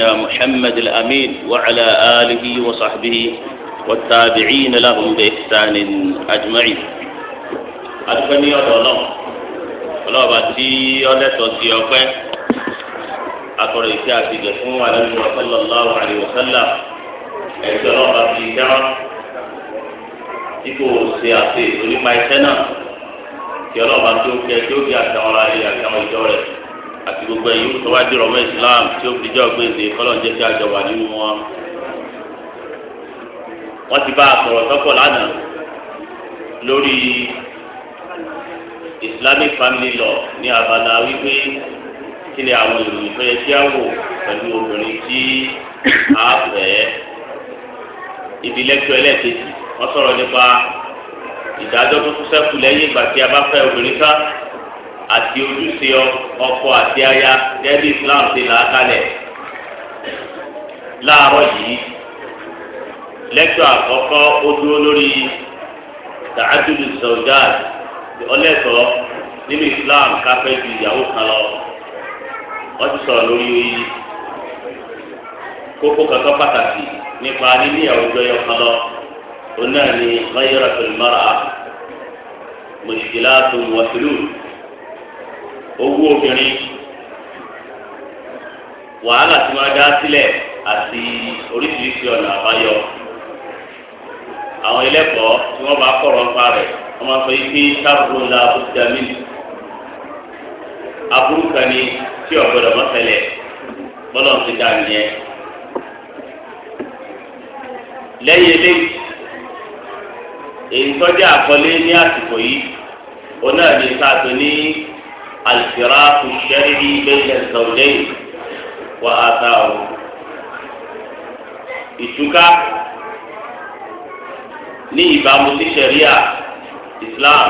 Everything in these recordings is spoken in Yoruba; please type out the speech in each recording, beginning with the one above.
يا محمد الأمين وعلى آله وصحبه والتابعين لهم بإحسان أجمعين adúpẹ́ ní ọ̀dọ̀ ọlọ́run ọlọ́ọ̀bà tí ọlẹ́tọ̀ sí ọpẹ́ akọ̀rọ̀ ìṣe àtìgẹ̀ fún àlejò sallallahu alaihi wasallam ẹ̀sẹ̀ ọlọ́ọ̀bà ti dá tí kò ṣe àti ìtòlípa iṣẹ́ náà tí ọlọ́ọ̀bà tó kẹ tí ó fi àtàwọn ará rẹ̀ àtàwọn ìjọ rẹ̀ àti gbogbo ẹ̀yin tó wá dìrọ̀ mọ́ Islam tí ó fi jẹ́ ọ̀gbẹ́ǹde kọ́lọ́n jẹ́ kí a jọ wà nínú wọn. wọ́n ti bá a sọ̀rọ̀ tọ́pọ̀ lánàá lórí Islamic family law ní abala wípé kí ni àwọn ìròyìn tó yẹ kí á wò pẹ̀lú obìnrin tí a fẹ́ ibi lẹ́tọ́ ẹlẹ́ẹ̀kejì wọ́n sọ̀rọ̀ nípa ìdájọ́ tó tún ṣẹ́kù lẹ́yìn ìgbà tí a bá fẹ́ obìnrin ká àti ojúṣe ọkọ àti aya gẹ́gẹ́ bí Islam ṣe là á kalẹ̀ láàárọ̀ yìí lẹ́tọ̀ àkọ́kọ́ ó dúró lórí tààtúndì sọ̀dáàd ọlẹ́tọ̀ nínú Islam káfẹ́ ju ìyàwó kan lọ wọ́n ti sọ̀rọ̀ lórí oyin kókó kẹtọ́ pàtàkì nípa níní ìyàwó jọyọ̀ kan lọ onáà ni ghayra fil mar'a mushkilatun wa hulul owó obìnrin wàhálà tí wọ́n dá sílẹ̀ àti oríṣiríṣi ọ̀nà àbáyọ àwọn ẹlẹ́kọ̀ọ́ tí wọ́n bá kọ̀rọ̀ nípa rẹ̀ wọ́n máa sọ ike sábúrò ńlá bùdàmí aburú kan ní tí ọ̀gbọ́dọ̀ mọ́tẹ́lẹ̀ bọ́lọ̀ ti dá nìyẹn lẹ́yìn eléyìí èyí tọ́jú àkọlé ní àsìkò yìí òun náà ní sáà tó ní الفراق الشرعي بين الزوجين وآثاره ìtúká ní ìbámu sí ṣẹ̀ríà Islam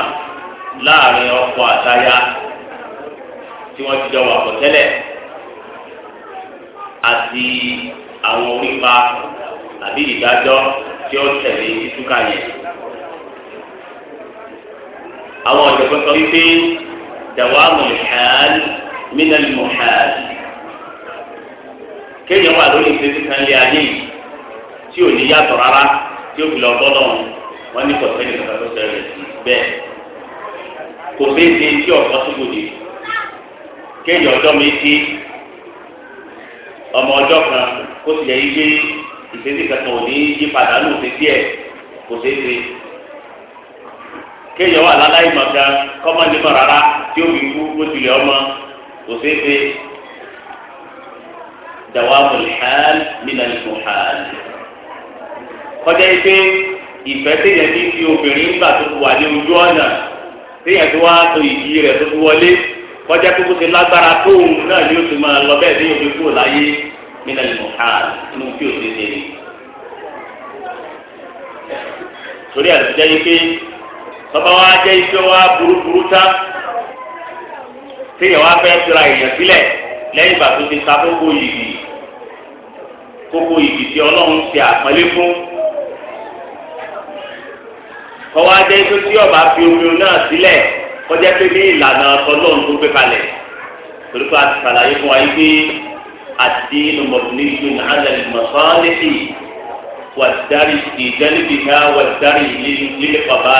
láàrin ọkọ àtaya tí wọ́n ti jọ wà pọ̀ tẹ́lẹ̀ àti àwọn orípa àbí ìdájọ́ tí ó tẹ̀lé ìtúká yẹn. àwọn ọ̀jọ̀gbọ́n sọ wípé dàwámù ìhàn mínà mùhàn kéèyàn wà lórí ìṣesí kan lé ayé yìí tí ò ní yàtọ̀ rárá tí ó fi lọ tọ́lọ̀ wọn ní kọ̀ọ̀tẹ́nì kankan tó ṣẹlẹ̀ bẹ́ẹ̀ kò fẹ́ ṣe tí ọ̀pọ̀ tó gbòdì kéèyàn ọjọ́ méjì ọmọ ọjọ́ kan kó sì yẹ yí gbé ìṣesí kankan ò ní yí padà lóòótọ́ díẹ̀ kò ṣeé ṣe kéèyàn wà láláì màgá kọ́mọ ní mọ̀ rárá tí ó fi kú bó tilẹ̀ ọmọ kò ṣeé ṣe dàwáàbò hàn nínú ìfún hàn. kọjá yìí pé ìfẹ́ téèyàn ti fi obìnrin nígbà tó wà ní ojú ọ̀nà téèyàn tó wá to ìdí rẹ̀ tó fi wọlé kọjá tó kó ṣe lágbára tóun náà ni ó ti máa lọ bẹ́ẹ̀ téèyàn fi kúrò láyé nínú ìfún hàn tí ò ṣeé ṣe torí àtúnjẹ́ yìí tọ́ba wa jẹ́ iṣẹ́ wa burúburú tán téèyàn wá fẹ́ tura èèyàn sílẹ̀ lẹ́yìn ìgbà tó ti ta kókó yìí kókó yìí tí ọlọ́run ṣe àpọ́nlé fún kọ́wá jẹ́ iṣẹ́ tí ọba fi omi náà sílẹ̀ kọjá pé ní ìlànà ọlọ́run tó gbé kalẹ̀ torí pé a ti ṣàlàyé fún wa yìí pé àti ìnumọ̀tòní ju nàánàlì mọ̀sánlẹ́sì wà dárí ìdánilìkà wà dárí ìlílẹ̀ pàbá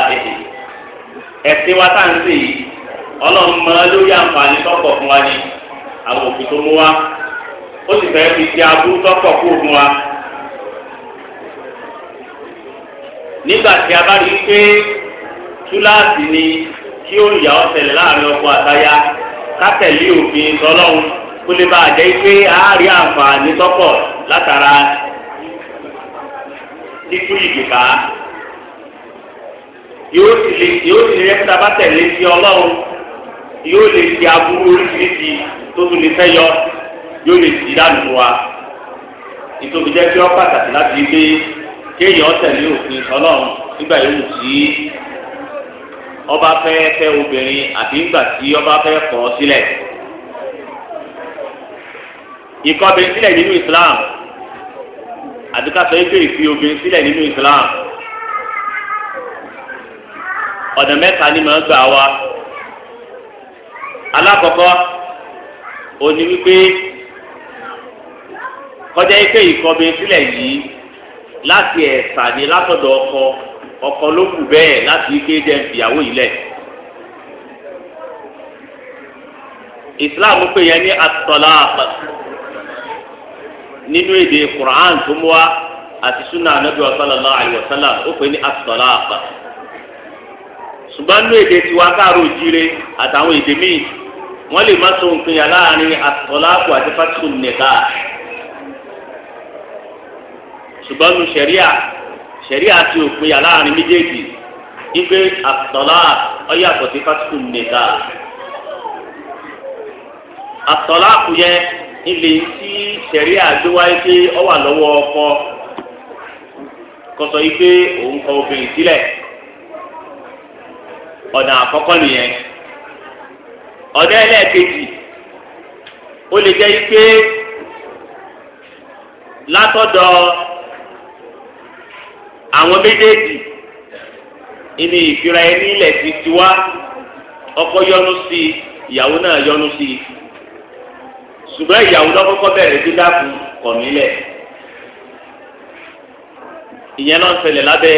ẹ̀sìn wa tá à ń sè yìí ọlọ́run mọ lórí àǹfààní tọ́pọ̀ fún wa ni àwọn òfin tó mú wa ó sì fẹ́ fi ti aburú tọ́pọ̀ kú fún wa. nígbà tí a bá rí i pé túláàsì ni kí ó yà ọ́ tẹ̀lé láàrin a jẹ́ pé a rí àǹfààní tọ́pọ̀ látara títú ìgbìkà. yóò sì lè yóò sì lè yẹ kíta bá tẹ̀lé sí ọlọ́run yóò lè di aburú oríṣiríṣi tó tún lè fẹ́ yọ yóò lè di dànù wa ìtòbi jẹ́ kí ọ pàtàkì láti rí pé kéèyàn tẹ̀lé òfin ọlọ́run nígbà yóò sí ọba fẹ́ fẹ́ obìnrin àti nígbà tí ọba fẹ́ kọ̀ ọ́ sílẹ̀ ìkọ̀ obìnrin sílẹ̀ nínú Islam àdúgbò sọ pé ìfi obìnrin sílẹ̀ nínú Islam. ọ̀nà mẹ́ta ni màá gbà wá alákọ̀ọ́kọ́ òní wípé kọjá ike ìkọbi sílẹ̀ yìí láti ẹ̀sà ni látọ̀dọ̀ ọkọ ọkọ ló kù bẹ́ẹ̀ láti ike jẹ́ ìyàwó yìí lẹ̀. Islam yẹn ní at àpà nínú èdè Qur'an tó mú wa àti sunnah anabi wa sallallahu alayhi wa ṣùgbọ́n nínú èdè tiwa káàró jíire àtàwọn èdè míì wọ́n lè má so nǹkan yà láàrin àtọ̀láàpù àti fásitì nìka ṣùgbọ́n nínú sẹ̀ríà sẹ̀ríà ti òpin yà láàrin méjèèjì ipe àtọ̀lá ọ̀yàtọ̀ sí fásitì nìka àtọ̀láàpù yẹn ilé tí sẹ̀ríà gbé wáyé pé ọ wà lọ́wọ́ ọkọ kọsọ yìí òun kọ obìnrin sílẹ̀. ọ̀nà àkọ́kọ́ nìyẹn ọ̀nà ẹlẹ́ẹ̀kejì ó lè jẹ́ ike látọ̀dọ̀ àwọn méjèèjì ìní ìfira ẹni ilẹ̀ ti ti wá ọkọ yọnu sí i ìyàwó náà yọnu sí i ṣùgbọ́n ìyàwó lọ́kọ́kọ́ bẹ̀rẹ̀ tó dákun ìyẹn náà ń ṣẹlẹ̀ lábẹ́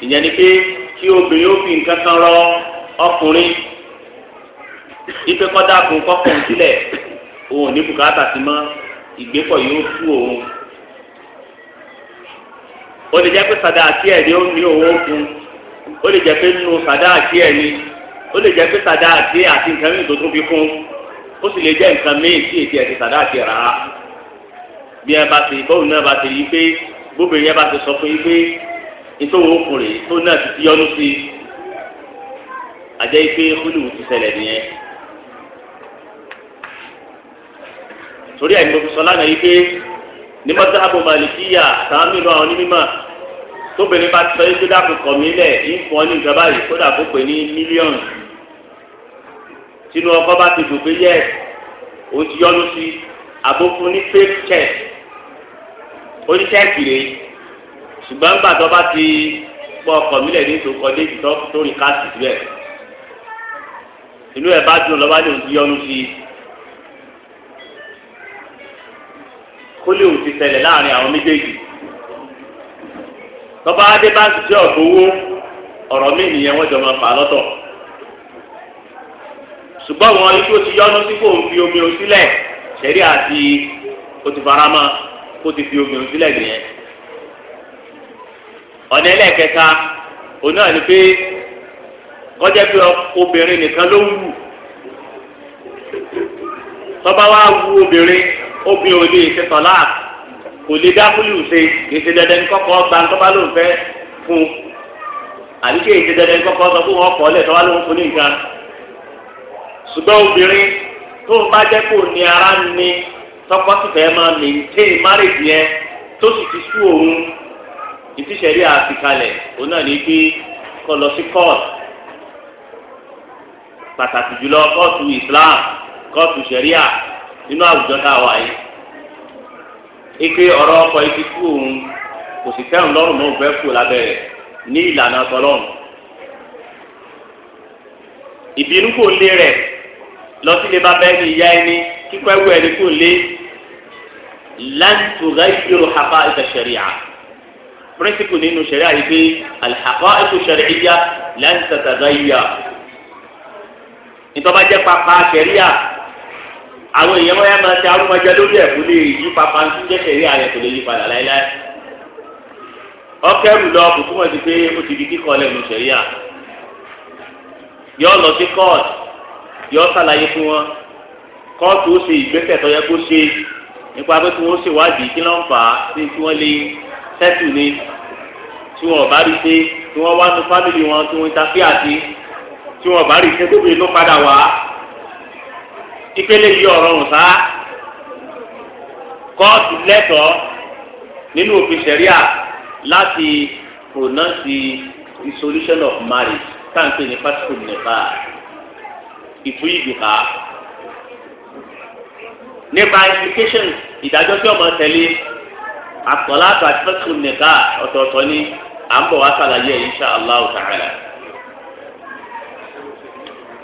ìyẹn ni pé kí obìnrin ó fi nǹkan kan rọ ọkùnrin ipe kọ́dà kún kọ́kùn sílẹ̀ òun ò ní bùkátà sí mọ́ ìgbépọ̀ yóò tú òun ó lè jẹ́ pé sàdá àti ẹ̀ ni ó ní owó fún ó lè jẹ́ pé nínú sàdá àti ẹ̀ ni ó lè jẹ́ pé sàdá àti àti nǹkan mìíràn tó tún fi kún ó sì lè jẹ́ nǹkan mìíràn tí èsì ẹ̀sìn sàdá àti rà á bí ẹ bá ti bóun náà bá ti yí pé bóbìnrin yẹn bá ti sọ fún yí pé ìtòwò ọkùnrin tó náà ti yọnu sí àjẹ́ ife kúlùú ti ṣẹlẹ̀ nìyẹn. torí àyè mo fi sọ lánàá yìí pé ní mọ́tò àbò màlìkíyà àtàwọn mìíràn àwọn onímọ̀ tóbìnrin bá sọ yìí tó dàpọ̀ kọ̀ mí lẹ̀ yìí fún ọ ní ìjọba yìí kódà kó pè ní mílíọ̀nù tínú ọkọ bá ti dùn pé yẹ o ti yọnu sí àbófun ní fake check oníṣẹ́kì rèé ṣùgbọ́n nígbà tó bá ti pọ̀ ọkọ̀ mílẹ̀ ní tó kọjá èyí tó tó rìn káàsì síbẹ̀ inú ẹ̀ bá dùn lọ́ba ní òbí ọdún sí i kó lè òtí ṣẹlẹ̀ láàrin àwọn méjèèjì tọ́ba adé bá ń ṣiṣẹ́ ọ̀gbọ́wọ́ ọ̀rọ̀ mi nìyẹn wọ́n jọ máa fà lọ́tọ̀ ṣùgbọ́n wọn ikú ti yọnu sí kò ń fi omi òsílẹ̀ ṣẹ̀rí àti o ti kó ti fi omi òsílẹ̀ nìyẹn ọ̀nà ẹlẹ́ẹ̀kẹta òun náà ni pé kọjá pé obìnrin nìkan ló ń wù tọ́ba wa wu obìnrin obìnrin ò lè ṣe tọ́lá kò lè dákúlù ṣe èsì dandan ní kọ́kọ́ gba tọ́ba ló ń fẹ́ fún un àbí kí èsì dandan kọ́kọ́ sọ fún wọn kọ́ tọ́ba ló ń fún ní ṣùgbọ́n obìnrin tó ń bá jẹ́ kó ní ara ni tọ́kọ́ sì fẹ́ máa mèntè márèjì yẹn tó sì ti sú òun ìtísẹ̀rí àfikalẹ̀ òun náà ní pé kọ́ lọ sí kọ́ọ̀tù pàtàkì jùlọ kọ́ọ̀tù Islam kọ́ọ̀tù sẹ̀ríà nínú àwùjọ tá a wà yìí. ike ọ̀rọ̀ ọkọ̀ yìí ti kú òun kò sì tẹ́hùn lọ́rùn mọ́ òfẹ́ kú lábẹ́rẹ̀ ní ìlànà tọlọ́run. ìbínú kò lé rẹ̀ lọ sílé bá ní ìyá ẹni kíkọ́ ẹ̀wù ẹni kò lé láti tó gáyìí yóò hafa ìtẹ̀sẹ̀ríà píríncípù nínú ṣẹ̀ríà yìí pé al-haqa'iqu shar'iyya lan tataghayyar ìtọ́ba jẹ́ pàpà ṣẹ̀ríà àwọn èèyàn máa ma ṣe arúgbájá lórí ẹ̀kú lè yí pàpà ń jẹ́ ṣẹ̀ríà rẹ̀ kò lè yí padà láéláé ọkẹ́rù lọ kò túmọ̀ sí pé ó ti di kíkọ́ lẹ́nu ṣẹ̀ríà yọ lọ sí kóòtù yọ sàlàyé fún wọn kóòtù ó ṣe ìgbésẹ̀ tó kó ṣe nípa pé kí wọ́n ṣèwádìí kí ló fà á sí kí wọ́n lè sẹ́tù ni tí wọ́n bá rí pé tí wọ́n wá nu fámìlì wọn tí wọ́n ta fí àti tí wọ́n bá rí pé tóbi ló padà wá ìpele yìí ọ̀rọ̀ ọ̀hún sá kóòtù lẹ́tọ̀ọ́ nínú òfin ṣẹ̀ríà láti pronounce the solution of marriage táǹpé ní pásítọ̀ nìfà ìfún ìdùkà nípa implications ìdájọ́ tí ọmọ tẹ̀lé àtọ̀láàtà àti fẹ́sùn nìka ọ̀tọ̀ọ̀tọ̀ ni à ń bọ̀ wá sàlàyé ẹ̀ insha Allah ta'ala.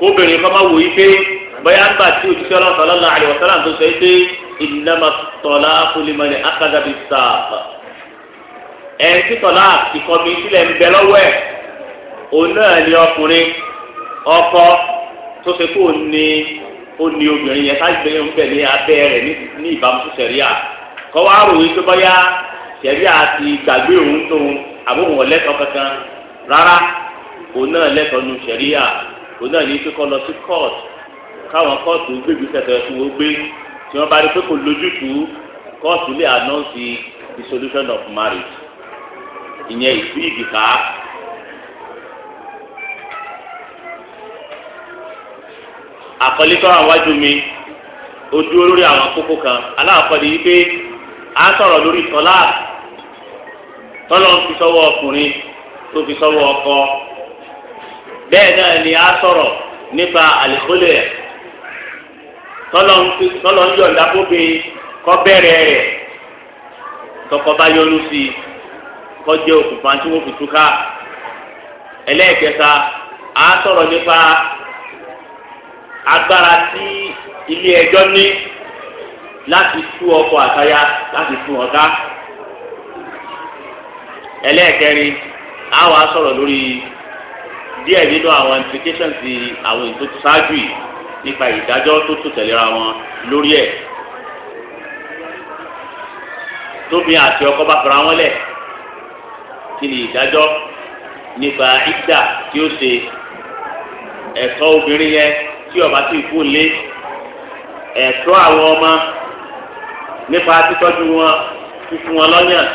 kóbìnrin kọ́ máa wò yí pé bóyá ń gbà tí òṣìṣẹ́ ọlọ́run sallallahu alaihi wasallam tó sọ yí pé innama talaqu liman akhadha bis-saq. ẹ̀ ń títọ̀lá ìkọ́mi sílẹ̀ ń bẹ lọ́wọ́ ẹ̀ òun náà ni ọkùnrin ọkọ tó ṣe kó ní ó ní obìnrin yẹn ká gbé ń bẹ̀ ní abẹ́ rẹ̀ ní ìbámu sẹ́ríà kọ́ wá rò wípé bọ́yá sẹ̀rí àti gbàgbé òun tóun àbóhùn ọ̀lẹ́tọ̀ kankan rárá òun náà lẹ́tọ̀ nu sẹ̀rí à òun náà ní kíkọ́ lọ sí court káwọn court gbégbé tẹ̀tẹ̀ fún wọn gbé tí wọ́n bá rí pé kò lójútùú court lè announce the solution of marriage ìyẹn ìfú ìdìkà. àkọlé tó àwọn wájú mi ó dúró lórí àwọn kókó kan aláàkọ́ni yìí pé. a sọ̀rọ̀ lórí tọ́lá tọ́lọ́ fi sọ́wọ́ ọkùnrin tó fi sọ́wọ́ ọkọ bẹ́ẹ̀ náà ni a sọ̀rọ̀ nípa àlìkólẹ̀ tọ́lọ́ ń yọ̀ǹda fóbi kọ́ bẹ̀rẹ̀ rẹ̀ tọkọ yọnu si i òkùnfà tí fi túká ẹlẹ́ẹ̀kẹta a sọ̀rọ̀ nípa agbára tí ilé ẹjọ́ ní. láti tú ọkọ àtaya láti tú ọ̀tá. ẹlẹ́ẹ̀kẹrin a wá sọ̀rọ̀ lórí díẹ̀ nínú àwọn implications àwọn ètò ṣáájú yìí nípa ìdájọ́ tó tó tẹ̀léra wọn lórí ẹ̀. tóbi àti ọkọ bá fara wọn lẹ̀ kí ni ìdájọ́ nípa ìdá tí ó ṣe ẹ̀tọ́ obìnrin yẹn tí ó bá ti kú lé ẹ̀tọ́ àwọn ọmọ nípa títọ́jú wọn fífún wọn lọ́yàn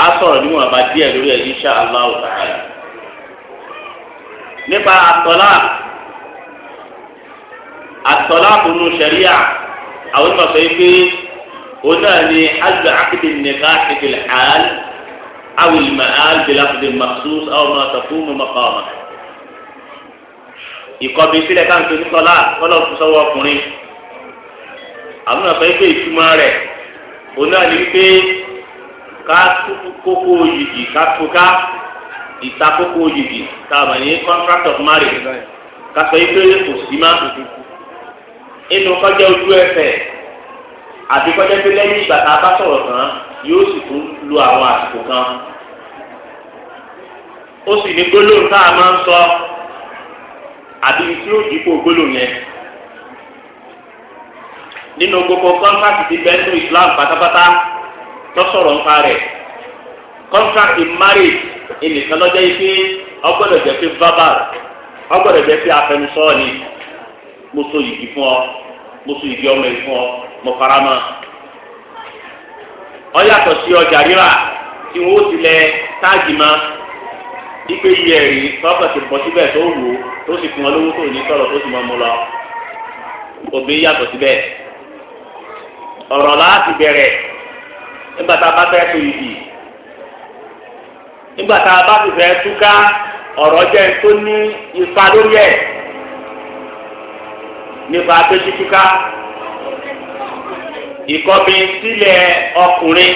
á sọ̀rọ̀ níwọ̀n bá díẹ̀ lórí ẹ̀ insha Allah ta'ala nípa àtọ́lá àtọ́lá kùnú sẹ̀ríà àwọn ìmọ̀ sọ yìí pé òun náà ni àgbà àkìdì nìkan àkìdì àálì. أو المآل بلفظ مخصوص أو ما تقوم مقامه ìkọbi sílẹ̀ ká ń pè ní sọlá kọlọ fún sọwọ ọkùnrin àwọn àgbà yìí pé ìtumọ̀ rẹ̀ òun náà ní pé ká kókó yìgì ká túká ìta kókó yìgì tá a mọ̀ ní contract of marriage ká sọ yìí pé kò sí má inú kọjá ojú ẹsẹ̀ àti kọjá pé lẹ́yìn ìgbà tá a bá sọ̀rọ̀ tán yóò sì tún lu àwọn àsìkò kan ó sì ní gbólóhùn tá a máa ń sọ àbí tí ó dìpọ̀ gbólóhùn yẹn nínú gbogbo kọ́ńtàkì ti bẹ́ẹ̀ nínú Islam pátápátá lọ́sọ̀rọ̀ nípa rẹ̀ kọ́ńtàkì marriage ìnìkan lọ́jọ́ yìí pé ọgbọ́dọ̀ jẹ́ pé verbal ọgbọ́dọ̀ jẹ́ pé afẹnusọ ni mo so yìí fún ọ mo so yìí ọmọ yìí fún ọ mo fara mọ́ ọ yàtọ̀ sí ọjà rírà tí wọ́n ó tilẹ̀ táàgì mọ́ ipe yìí ẹ̀rí tọ́kọ̀ ti bọ̀ síbẹ̀ tó wù ó tó sì fún ọ lówó tó ní sọ̀rọ̀ tó sì mọ́ mu lọ obìnrin yàtọ̀ síbẹ̀ ọ̀rọ̀ láti bẹ̀rẹ̀ nígbà tá a bá fẹ́ tó yìí nígbà tá a bá ti fẹ́ túká ọ̀rọ̀ jẹ́ tó ní ipa lórí ẹ̀ nípa péjú túká ìkọ́bi sílẹ̀ ọkùnrin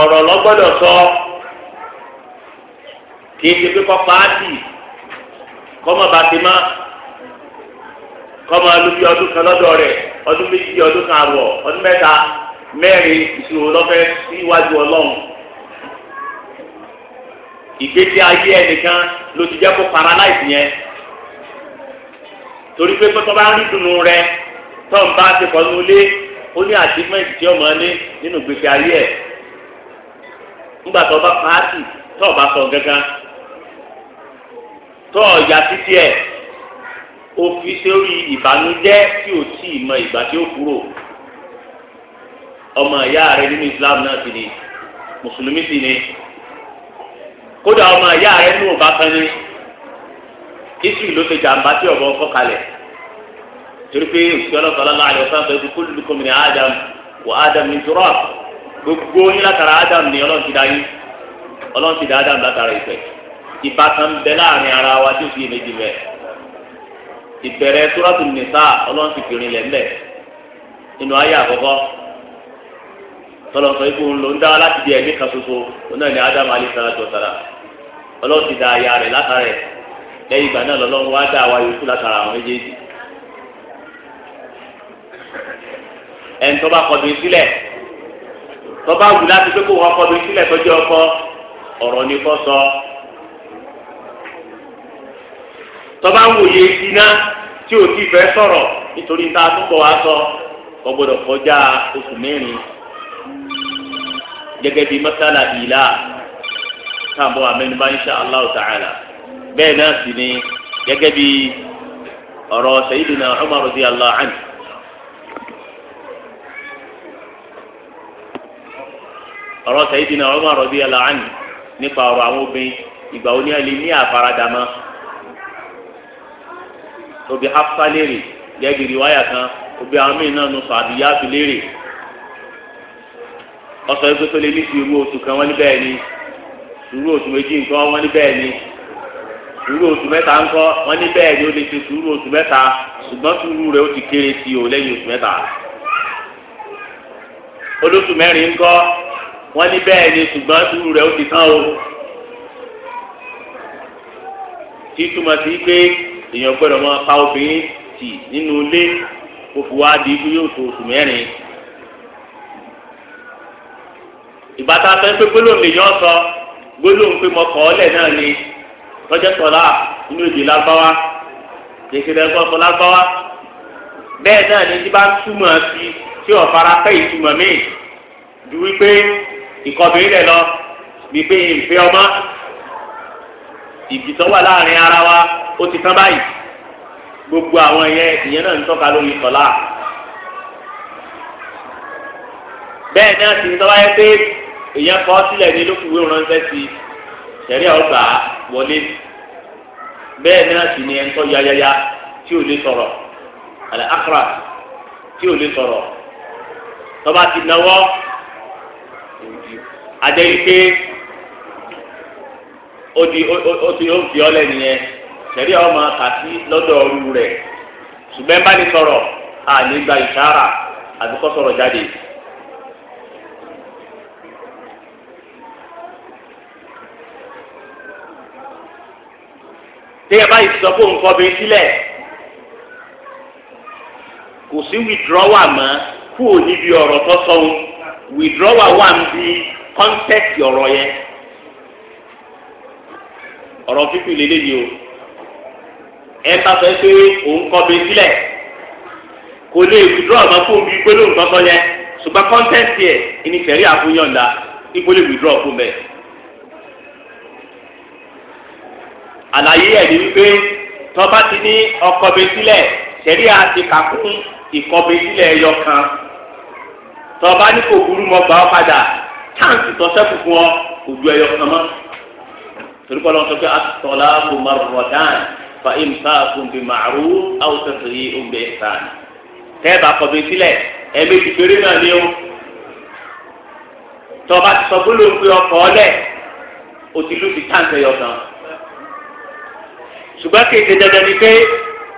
ọ̀rọ̀ lọ́gbọ́dọ̀ sọ kìí ṣe pé kọ́pá áàdì kọ́mọ bàtí má kọ́mọ alùpùpù ọdún kan lọ́dọ̀ rẹ̀. ọdún méjì ọdún kan àbọ̀ ọdún mẹ́ta mẹ́rin ìṣòro lọ́fẹ́ síwájú ọlọ́run ìgbésí ayé ẹnìkan ló ti jẹ́ kó yẹn torí pé pé tó bá rí dùnú rẹ tó ń bá ti kọ́ nulé ó ní achievement tí ọmọ ní nínú ìgbésí ayé ẹ̀ nígbà tó bá ó fi sórí ìbànújẹ́ tí ò tí ì mọ ìgbà tí ó kúrò ọmọ ìyá rẹ nínú Islam náà sì ni mùsùlùmí sì ni kódà ọmọ ìyá rẹ nínú ọba kan ní israel ló fi jàǹbá tí ọ̀bọ ọkọ kalẹ̀ torí pé òṣìṣẹ́ ọlọ́pàá lọ́la àlẹ́ ọ̀sán fẹ́ẹ́ kó lùkọ́ mi ní Adam wọ Adam ní turọ́ọ̀ gbogbo yín látara Adam ní ọlọ́run ti dá yín ti dá Adam látara ìfẹ́ ìbátan bẹ láàrin ara wa tí ó fi èméjì mẹ́ẹ̀. ìbẹ̀rẹ̀ túrọ́tù nìta ọlọ́run ti fìrìn lẹ̀ mbẹ̀ nínú ayé àkọ́kọ́ tọlọsọ ikú ńlọ ń dá láti di ẹ̀mí kan ṣoṣo oná ní ádámù alẹ́sàlájú ọ̀sára ti da aya rẹ̀ látara lẹ́yìn ìgbà náà lọ́lọ́run wá dá àwa yòókù látara àwọn méjèèjì ẹni bá sílẹ̀ ọkọ ọ̀rọ̀ ni sọ. tọ́ba ń wòye iná tí ò tí fẹ́ sọ̀rọ̀ nítorí ta túbọ̀ wá sọ kò gbọdọ̀ kọjá oṣù mẹ́rin gẹ́gẹ́ bíi masala ìlà káàbọ̀ amẹ́nubá insha allah ta'ala bẹ́ẹ̀ náà sì ni gẹ́gẹ́ bíi ọ̀rọ̀ sayyidina umar radiyallahu anhu. ọ̀rọ̀ Sayyidina Umar radiyallahu anhu nípa ọ̀rọ̀ àwọn obìnrin ìgbà wo ni a lè ní àfaradà ó bi Hafsa léèrè gẹ́gẹ́ riwaya kan ó bi náà nù sọ fi ọsọ yìí ní ti irú oṣù kan wọn ni irú oṣù méjì nǹkan wọ́n ní ni irú oṣù mẹ́ta ńkọ́ wọ́n ní ni ó lè ṣe oṣù sùúrù ó ti kéré sí o lẹ́yìn oṣù mẹ́ta olóṣù ni ṣùgbọ́n sùúrù rẹ ó ti o títúmọ̀ sí pé èèyàn gbọ́dọ̀ máa pa obìnrin tì nínú ilé kó fi wá di ikú yóò tó oṣù mẹ́rin. ìbátan fẹ́ pé gbólóhùn lèèyàn sọ gbólóhùn pé mo kọ́ ọ́lẹ̀ náà ni lọ́jọ́ sọ̀lá inú èdè lágbáwá kèké lẹ́gbọ́n sọ lágbáwá bẹ́ẹ̀ náà ni tí bá túmọ̀ sí tí ọ̀fara fẹ́ ìtumọ̀ míì ju wípé ìkọ̀bìnrin rẹ̀ lọ wípé ìfẹ́ ọmọ ìbìtọ́ wà láàrin ara wa ó ti tán báyìí gbogbo àwọn ìyẹn ìyẹn náà ń tọ́ka lórí tọ́lá bẹ́ẹ̀ náà sì ń tọ́wá yẹ pé èèyàn kọ́ sílẹ̀ ní lókùwé ránṣẹ́ sí sẹ̀rí ọgbà wọlé bẹ́ẹ̀ náà sì ni ẹ̀ńtọ́ yayaya tí ò lè sọ̀rọ̀ àlẹ́ akra tí ò lè sọ̀rọ̀ tọ́ba ti náwó adé pé. ó ti ó ti ó fi ọlẹ nìyẹn sẹ̀rí ọmọ kàtí lọ́dọ̀ ọrú rẹ̀ ṣùgbọ́n bá ní sọ̀rọ̀ àní gba ìṣára àti kọ́ jáde. tẹ́yẹ báyìí sọ fún nǹkan bíi sílẹ̀ kò sí wìdúrọ́wà mọ́ kúrò níbi ọ̀rọ̀ tó sọ̀hún wìdúrọ́wà wà ń ọ̀rọ̀ fífi lè léyìí o ẹ bá fẹ́ pé òun kọ́ bẹ sílẹ̀ kò lè withdraw ọ̀gá fóun bíi pé lóun kọ́kọ́ yẹn ṣùgbọ́n kọ́ńtẹ́ǹtì ẹ̀ ìní sẹ̀rí àfúnyọ̀ǹda ipò lè withdraw fún bẹ́ẹ̀. àlàyé ẹ̀ ni wípé tọ́ba ti ní ọkọ̀ bẹ sílẹ̀ sẹ̀rí àti kàkún ìkọ̀bẹ sílẹ̀ ẹyọ kan tọ́ba ní kò burú mọ́ gbà ọ́ padà táǹtì tọ́sẹ́kù fún ọ kò ju ẹyọ mọ́ torí kọ́ ló ń sọ pé at-talaqu marratan fa imsakun bi ma'ruf aw tasrihun bi ihsan tẹ́ẹ̀bà kọ̀bí sílẹ̀ ẹ̀ẹ́mẹ́jì péré náà ni ó tọba ti sọ gbólóhùn pé ọkọ̀ ọlẹ̀ o ti lùfi táǹtẹ̀ yọ kan ṣùgbọ́n kéde dandan ni pé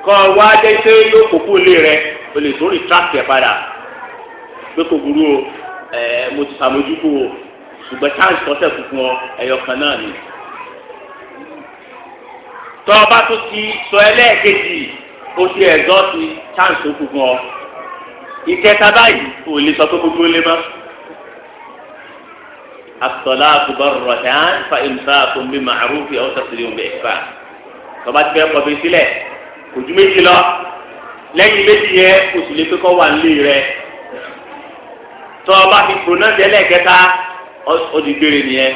kọ́ wá dé pé yóò kókó lé rẹ o lè tó rìtrákì ẹ̀ padà pé kò burú o mo ti sàmójúkú o ṣùgbọ́n táǹtì tọ́tẹ̀ funfun ọ kan náà ni tọ́ba tó ti sọ ẹlẹ́ẹ̀kejì ó ti ẹ̀zọ́ ti chance ó fún ọ ìkẹta báyìí kò lè sọ pé gbogbo lè má. asọ̀lá àkùbọ̀rù rọ̀tẹ́ à ń fa ìmùsà àkùnbí màrúfì ọ̀sẹ̀ sílẹ̀ òun bẹ̀ fà tọ́ba ti fẹ́ kọfí sílẹ̀ kò ju méjì lọ lẹ́yìn méjì yẹn kò sì lè pé kọ́ wà nílé rẹ̀ tọ́ba fi pronounce ẹlẹ́ẹ̀kẹta ó di gbére nìyẹn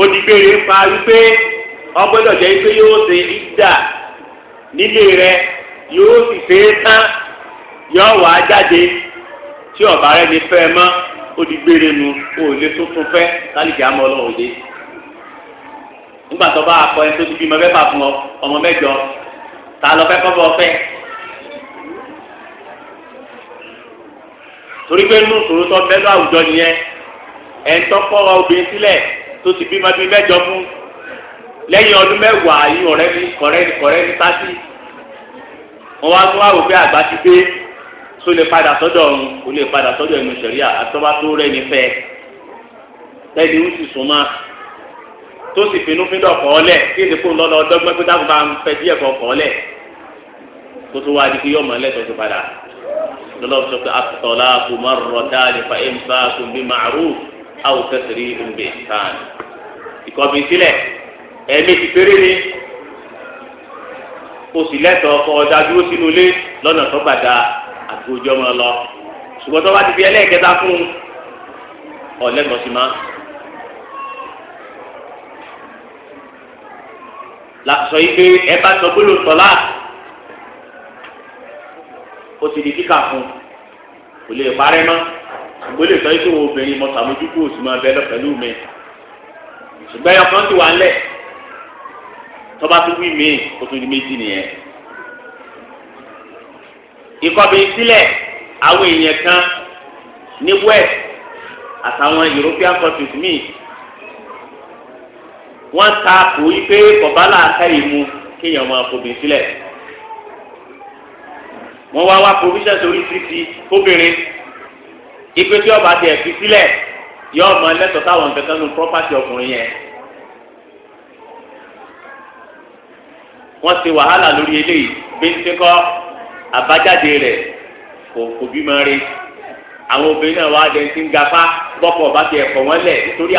ó di wípé ọgbọ́dọ̀ jẹ́ pé yóò ṣe ìdá nílé rẹ yóò sì ṣe é tán yọ wà á jáde tí ọ̀bà rẹ ní fẹ́ mọ́ ó di gbére nu ó lè tó fún fẹ́ lálùkì àmọ́ ọlọ́run òde nígbà tó bá akọ ẹni tó ti bímọ mẹ́fà fún ọ ọmọ mẹ́jọ ta lọ fẹ́ kọ́ bọ́ fẹ́. torí pé nínú ìṣòro tó bẹ́ẹ̀ lọ àwùjọ nìyẹn ẹ̀ ń tọ́kọ́ obìnrin sílẹ̀ tó ti bímọ bíi mẹ́jọ fún lẹ́yìn ọdún mẹ́wàá yìí ọ̀rẹ́ ní kọ̀rẹ́ ní kọ̀rẹ́ ní pátì wọn wá tún wá wò pé àgbà ti dé tó lè padà sọ́dọ̀ ọ̀run kò lè padà sọ́dọ̀ ẹ̀mí sẹ̀ríà àtọ́wá tó rẹ̀ nífẹ̀ lẹ́ni ó sì súnmọ́ tó sì finúfindọ̀ kọ́ọ́lẹ̀ kí èdè kó lọ́lọ́ ọdọ́gbọ́n pé dákun bá ń fẹ́ díẹ̀ kọ́ kọ́ọ́lẹ̀ kó tó wá di kí yọ̀mọ̀ lẹ́tọ̀ tó padà lọ́lọ́wọ́ sọ pé asọ̀lá kò má rọ̀dá nípa ẹ̀mí sáà kò bí màrú àwòkẹ́sìrì ń bẹ̀ sáà ìkọ́bí sílẹ̀ ẹ̀ẹ̀mejì péré ni o sì lẹ́tọ̀ọ́ kọ́ ọ̀dà dúró sínú ilé lọ́nà tó gbàdá àgbòjọ́ mọ́ lọ ṣùgbọ́n tó bá ti fi ẹlẹ́ẹ̀kẹta fún ọ̀lẹ́gbọ̀nsìmá. làtọ̀ yìí pé ẹ bá sọ gbólóhùn tọ́lá o sì di kíkà fún kò lè parẹ́ mọ́ gbólóhùn tọ́lá yìí tó wo obìnrin mọ́tàmójúkú òsì máa bẹ́ẹ̀ lọ pẹ̀lú mi ṣùgbọ́n ẹ̀yọ̀ kan ti wà ń lẹ̀ tọ́ba tó wí mí kó tó di méjì nìyẹn. ìkọ̀bí sílẹ̀ àwọn èèyàn kan ní west àtàwọn European countries míì wọ́n ta kò yí pé kọ̀bálà káyì mu kéèyàn máa fòbí sílẹ̀ wọ́n wá wá provision sórí títí fóbìnrin ipe tí ọba tiẹ̀ fi sílẹ̀ yọ ọmọ ẹlẹ́tọ̀ọ́ táwọn nǹkan kan nu property ọkùnrin yẹn. wọ́n ṣe wàhálà lórí eléyìí bíntínkọ́ àbájáde rẹ̀ kò kò bímọ rí àwọn obìnrin náà wàá dẹni tí ń gafá bọ́kọ̀ bá ti ẹ̀kọ́ wọn lẹ̀ nítorí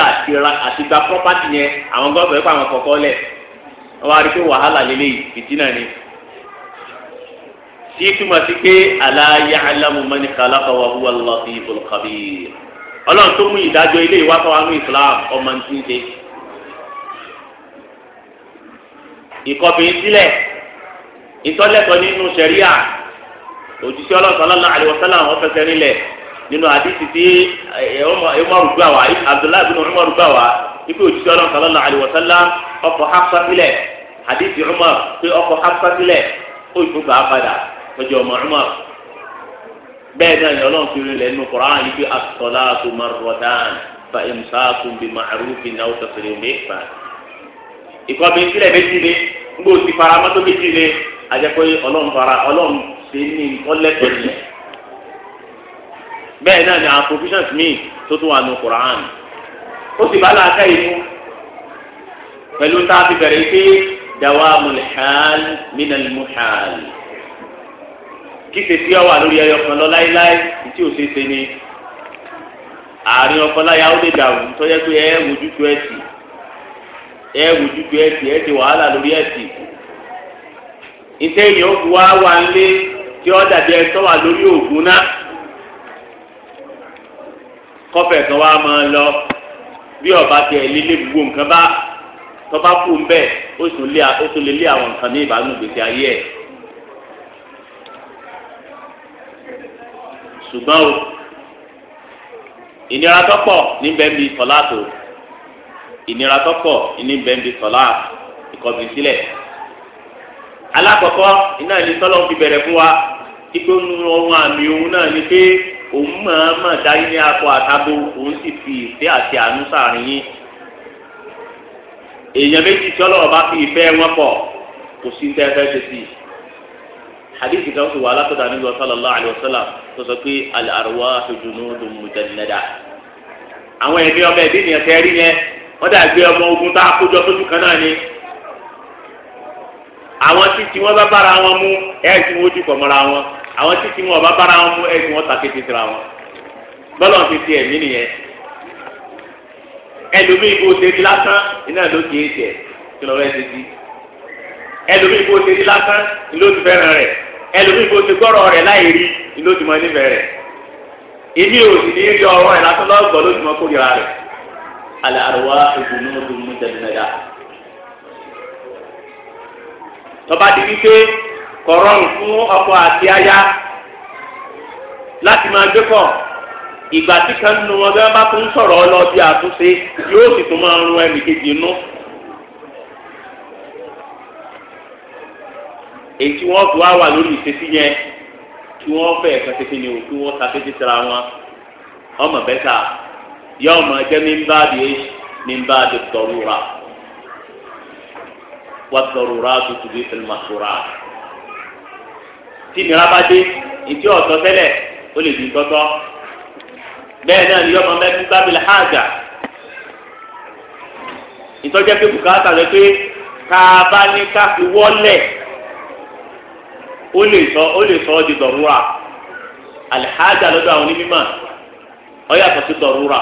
àtìgbà pọ́pátì yẹn àwọn gọ́ọ̀fẹ́ kọ́ àwọn kọ̀ọ̀kọ́ lẹ̀ wọ́n wá rí pé wàhálà lélẹ́yìí fìtínà ni tí túmọ̀ sí pé aláyé alámúmọ́ ní kálákọ̀wá wúwa lọ́sí ìbòlùkàbí ọlọ́run tó mú ìdájọ́ ilé ìwákọ̀wá ní Islam ọmọ ní ìkọ̀bìn sílẹ̀ ìtọ́lẹ̀tọ̀ nínú sẹ̀ríà òjíṣẹ́ ọlọ́sọ̀lọ́lá àlùwọ̀sálà wọn fẹsẹ̀ rinlẹ̀ nínú àdìsí tí eh, Umaru gbà wá Abdullahi bin Umaru gbà wá ipe òjíṣẹ́ ọlọ́sọ̀lọ́lá àlùwọ̀sálà ọkọ̀ Hafsa sílẹ̀ àdìsí Umaru pé ọkọ̀ Hafsa sílẹ̀ ó ìfún gbà padà lọ́jọ́ ọmọ Umaru bẹ́ẹ̀ náà yọ̀ lọ́n fi rinlẹ̀ nínú Kùránì yìí pé as-salatu marratan fa imsakun bi ma'rufin aw tasrihun bi ihsan ìkọ̀bìn sílẹ̀ méjì ni ngbó ti fara mọ́tò méjì lé àjẹpẹ́ ọlọ́run fara ọlọ́run ṣe ní ọlẹ́tọ̀ nìyẹn. bẹ́ẹ̀ náà ni àwọn provisions míì tó tún wà ní Quran ó sì bá láàká inú pẹ̀lú tá a fi bẹ̀rẹ̀ pé dawamul hal minal muhal kí sèṣi ọ wà lórí ẹyọ kan lọ láéláé tí ò ṣeé ṣe ni àárín ọkọ láyà ó lè dàrú tó pé ẹ wojú tó ẹ sì ẹ wùjú ju ẹsì ẹsì wàhálà lórí ẹsì ìtẹ́ èèyàn bu wà nílé tí ó dàbí ẹ sọ́wà lórí òògùn náà kọfẹ kan wa máa lọ bí ọba tẹ ẹ lílé gbogbo nǹkan bá tọba kú mbẹ ó tún lé lé àwọn nǹkan ní ìbámu gbèsè ayé ẹ ṣùgbọ́n o ìnira tọ́pọ̀ níbẹ̀ ń bi tọ́lá ìnira tọ́pọ̀ ìní bẹ́ńbí sọ̀lá ìkọ̀bí sílẹ̀. alákọ̀ọ́kọ́ iná ní sọ́lọ́ fi bẹ̀rẹ̀ fún wa ipe ohun àmì ohun náà ni pé òun máa má darí ní akọ àtàbò òun sì fi ìfẹ́ àti àánú sáàrin yín. èèyàn méjì tí bá fi ìfẹ́ wọn pọ̀ kò sí ṣe sí i. hadith kan wà látọ̀dá tó sọ pé àwọn ẹ̀mí ọmọ ẹ̀dínìyàn wọ́n dà gbé ọmọ ogun tá a kójọ sójú kan náà ni àwọn tí tí wọ́n bá bára wọn mú ẹ̀ tí wọ́n ti pọ̀ mọ́ra wọn àwọn tí tí wọ́n bá bára wọn mú ẹ̀ tí wọ́n tàkété síra wọn bọ́lọ̀ ti ti ẹ̀mí nìyẹn ẹlòmíì bó ṣe di lásán iná ló ti ẹ̀ tiẹ̀ kí lọ́wọ́ ẹ̀ ti di ẹlòmíì bó ṣe di lásán ló ti fẹ́ràn rẹ̀ ẹlòmíì bó ṣe gbọ́rọ̀ rẹ̀ láì rí ló ti mọ nífẹ̀ẹ́ rẹ̀ على أرواح junudun mujammada. tọ́ba di wípé kọ̀rọ̀rùn fún ọkọ àti aya láti máa gbé pọ̀ ìgbà tí kan nínú wọn bí wọn bá tún ń sọ̀rọ̀ ọ lọ bí àtúnṣe yóò sì tún máa rún ẹnì kejì inú. èyí wọn tó wá wà lórí ìṣesí yẹn kí wọn fẹ́ ẹ̀ka tètè ni o kí wọn ta tètè sara wọn ọmọ bẹ́ẹ̀ yóò máa jẹ́ mímbá di mímbá di tọrura wà tọrura tutù bí fìlmàtura tí nira bá dé ìtí ọ̀tọ̀ tẹ́lẹ̀ ó lè di tọ́tọ́ bẹ́ẹ̀ náà ni yóò máa mẹ́tí bábìlì hájà ìtọ́jẹ́ pé bùkátà rẹ pé ká a bá ní ká fi wọ́lẹ̀ ó lè sọ ó lè sọ ọ́ di tọrura alihájà lọ́dọ̀ àwọn onímọ̀ ọ yàtọ̀ sí tọrura.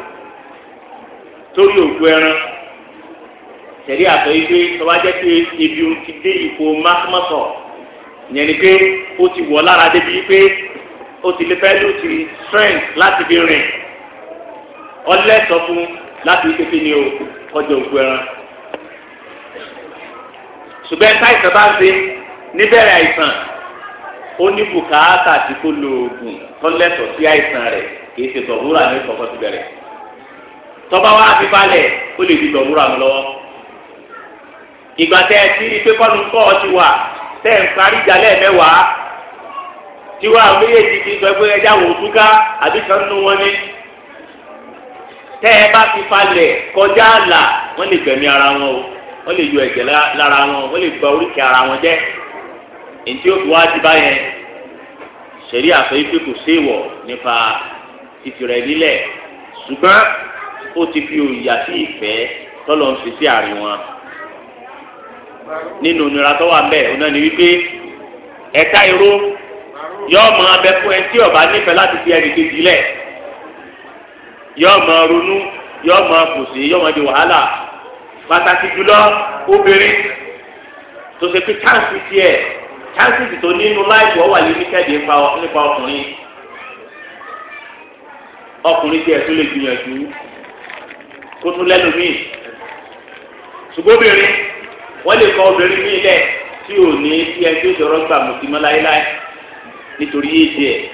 torí òkú ẹran tẹ̀lé àtọ̀ yìí pé tọ́wá jẹ́ pé ebi òun ti dé ipò mákmọ́sọ̀ yẹn ni pé ó ti wọ̀ lára débi pé ó ti lè fẹ́ ló ti strength láti fi rìn ọlẹ́sọ̀ fún láti fi kékeré ní o ọjọ́ òkú ẹran. ṣùgbọ́n táìsàn bá ń ṣe níbẹ̀rẹ̀ àìsàn ó ní bùkátà tí kò lo oògùn tọ́lẹ́sọ̀ sí àìsàn rẹ̀ kì í ṣe tọ̀húrà ní kọ̀ọ̀kan ti bẹ̀rẹ̀ tọ́ba wa fi balẹ̀ ó lè fi gbọ̀wúrà mi lọ́wọ́ ìgbà tẹ́ ẹ ti pé kọ́nu kọ́ ọ ti wà tẹ́ ẹ parí ìjálẹ̀ mẹ́wàá tiwa méjèèjì ti sọ pé ẹja wò túká àbí kan nù wọn ni tẹ́ ẹ bá fi falẹ̀ kọjá àlà wọ́n lè gbẹ̀mí ara wọn o wọ́n lè yọ ẹ̀jẹ̀ lára wọn wọ́n lè gba oríkèé ara wọn jẹ́ ètí ó fi wá ti báyẹn sẹ̀rí àfẹ́ ife kò séèwọ̀ nípa títì nílẹ̀ ṣùgbọ́n ó ti fi òyà sí ìfẹ́ tọ́lọ̀ ń fi sí àárín wọn. nínú ìnira tó wà ń bẹ̀ ọ̀nà ni wípé ẹ̀ka ìró yọ mọ abẹ fún ẹ tí ọba nífẹ̀ẹ́ láti fi ẹnì kejì lẹ̀ yọ mọ ronú yọ mọ kùsì yọ mọ di wàhálà pàtàkì jùlọ obìnrin tó ṣe pé chance tiẹ̀ chance tó nínú láìpù ọ̀wà limited nípa ọkùnrin ọkùnrin tiẹ̀ tó lè gbìyànjú kó tún lẹ́nu míì ṣùgbọ́n obìnrin wọ́n lè kọ́ obìnrin míì lẹ̀ tí o ní tí ẹ tí ó sọ̀rọ̀ gbà mùsùlùmí láéláé nítorí èdè ẹ̀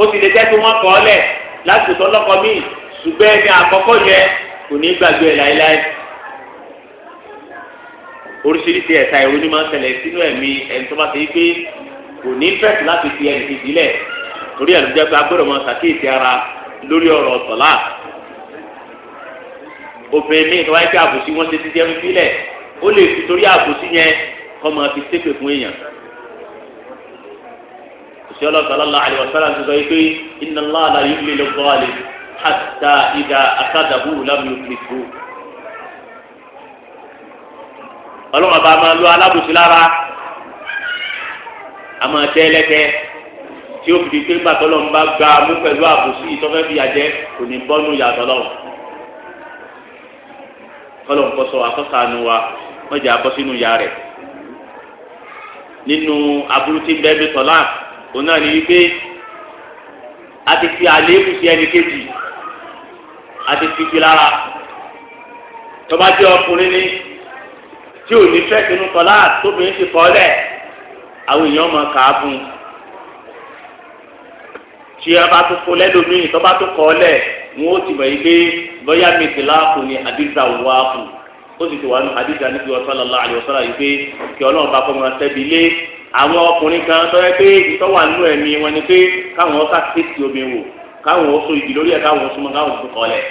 ó sì lè tẹ́tí wọn kọ́ lẹ̀ láti tọ́ lọ́kọ míì ṣùgbọ́n ẹni àkọ́kọ́ yẹ kò ní gbàgbé ẹ̀ láéláé oríṣiríṣi ẹ̀ka ìrònú máa ń ṣẹlẹ̀ sínú ẹ̀mí ẹni tó bá ṣe pé kò ní fẹ́ẹ̀tì láti fi ẹnì kejì lẹ̀ torí ẹ̀ ló jẹ́ pé agbọ́dọ̀ máa ṣàkíyèsí ara lórí ọ̀rọ̀ ọ̀sọ̀lá obìnrin míì tó wáyé àbòsí wọn ṣe ti jẹun sílẹ̀ ó lè fi torí àbòsí yẹn kọ́ máa fi fún èèyàn òsì ọlọ́sọ̀lá àlè ọ̀sọ̀lá ti sọ yìí pé iná láàlá yìí lè lọ bọ́ àlè hàtà ìdá àkàdàbù lámì òkèlèkò ọlọ́wọ́n máa lo alábòsí lára àmọ́ tí ó fi di pé gbàtọ́ lọ́n bá gba mú pẹ̀lú àbòsí ìtọ́fẹ́ fi àjẹ́ kò ní bọ́nú yàtọ̀ lọ́wọ́ kọ́lọ́n kọ́ sọ akọ́sàánú wa mọ̀jà bọ́ sínú ya rẹ̀ nínú aburú tí bẹ́ẹ̀ bí tọ́lá òun náà ní wípé a ti fi àléébù sí ẹni kejì a ti fi fi lára tọ́ba jẹ́ ọkùnrin ni tí ò ní fẹ́ sínú tọ́lá tóbi ń ti kọ́ lẹ̀ àwọn èèyàn mọ̀ káàbùn tí a bá tó kó lẹ́lòmíì tó bá tó kọ́ lẹ̀ wọn ó ti mọ̀ yìí pé bóyá mìtìlá kù ní àdìsá wà kù ó sì ti wà nù àdìsá níbi wọ́n sọ́lá láàyè wọ́n sọ́lá yìí pé kí ọlọ́run bá fọmọ sẹ́bi lé àwọn ọkùnrin kan tọ́yẹ pé ìtọ́wà nù ẹ̀mí wọn ni pé káwọn ọ̀sà tètè omi wò káwọn oṣù ìdí lórí ẹ̀ káwọn oṣù mọ káwọn oṣù kọ́ lẹ̀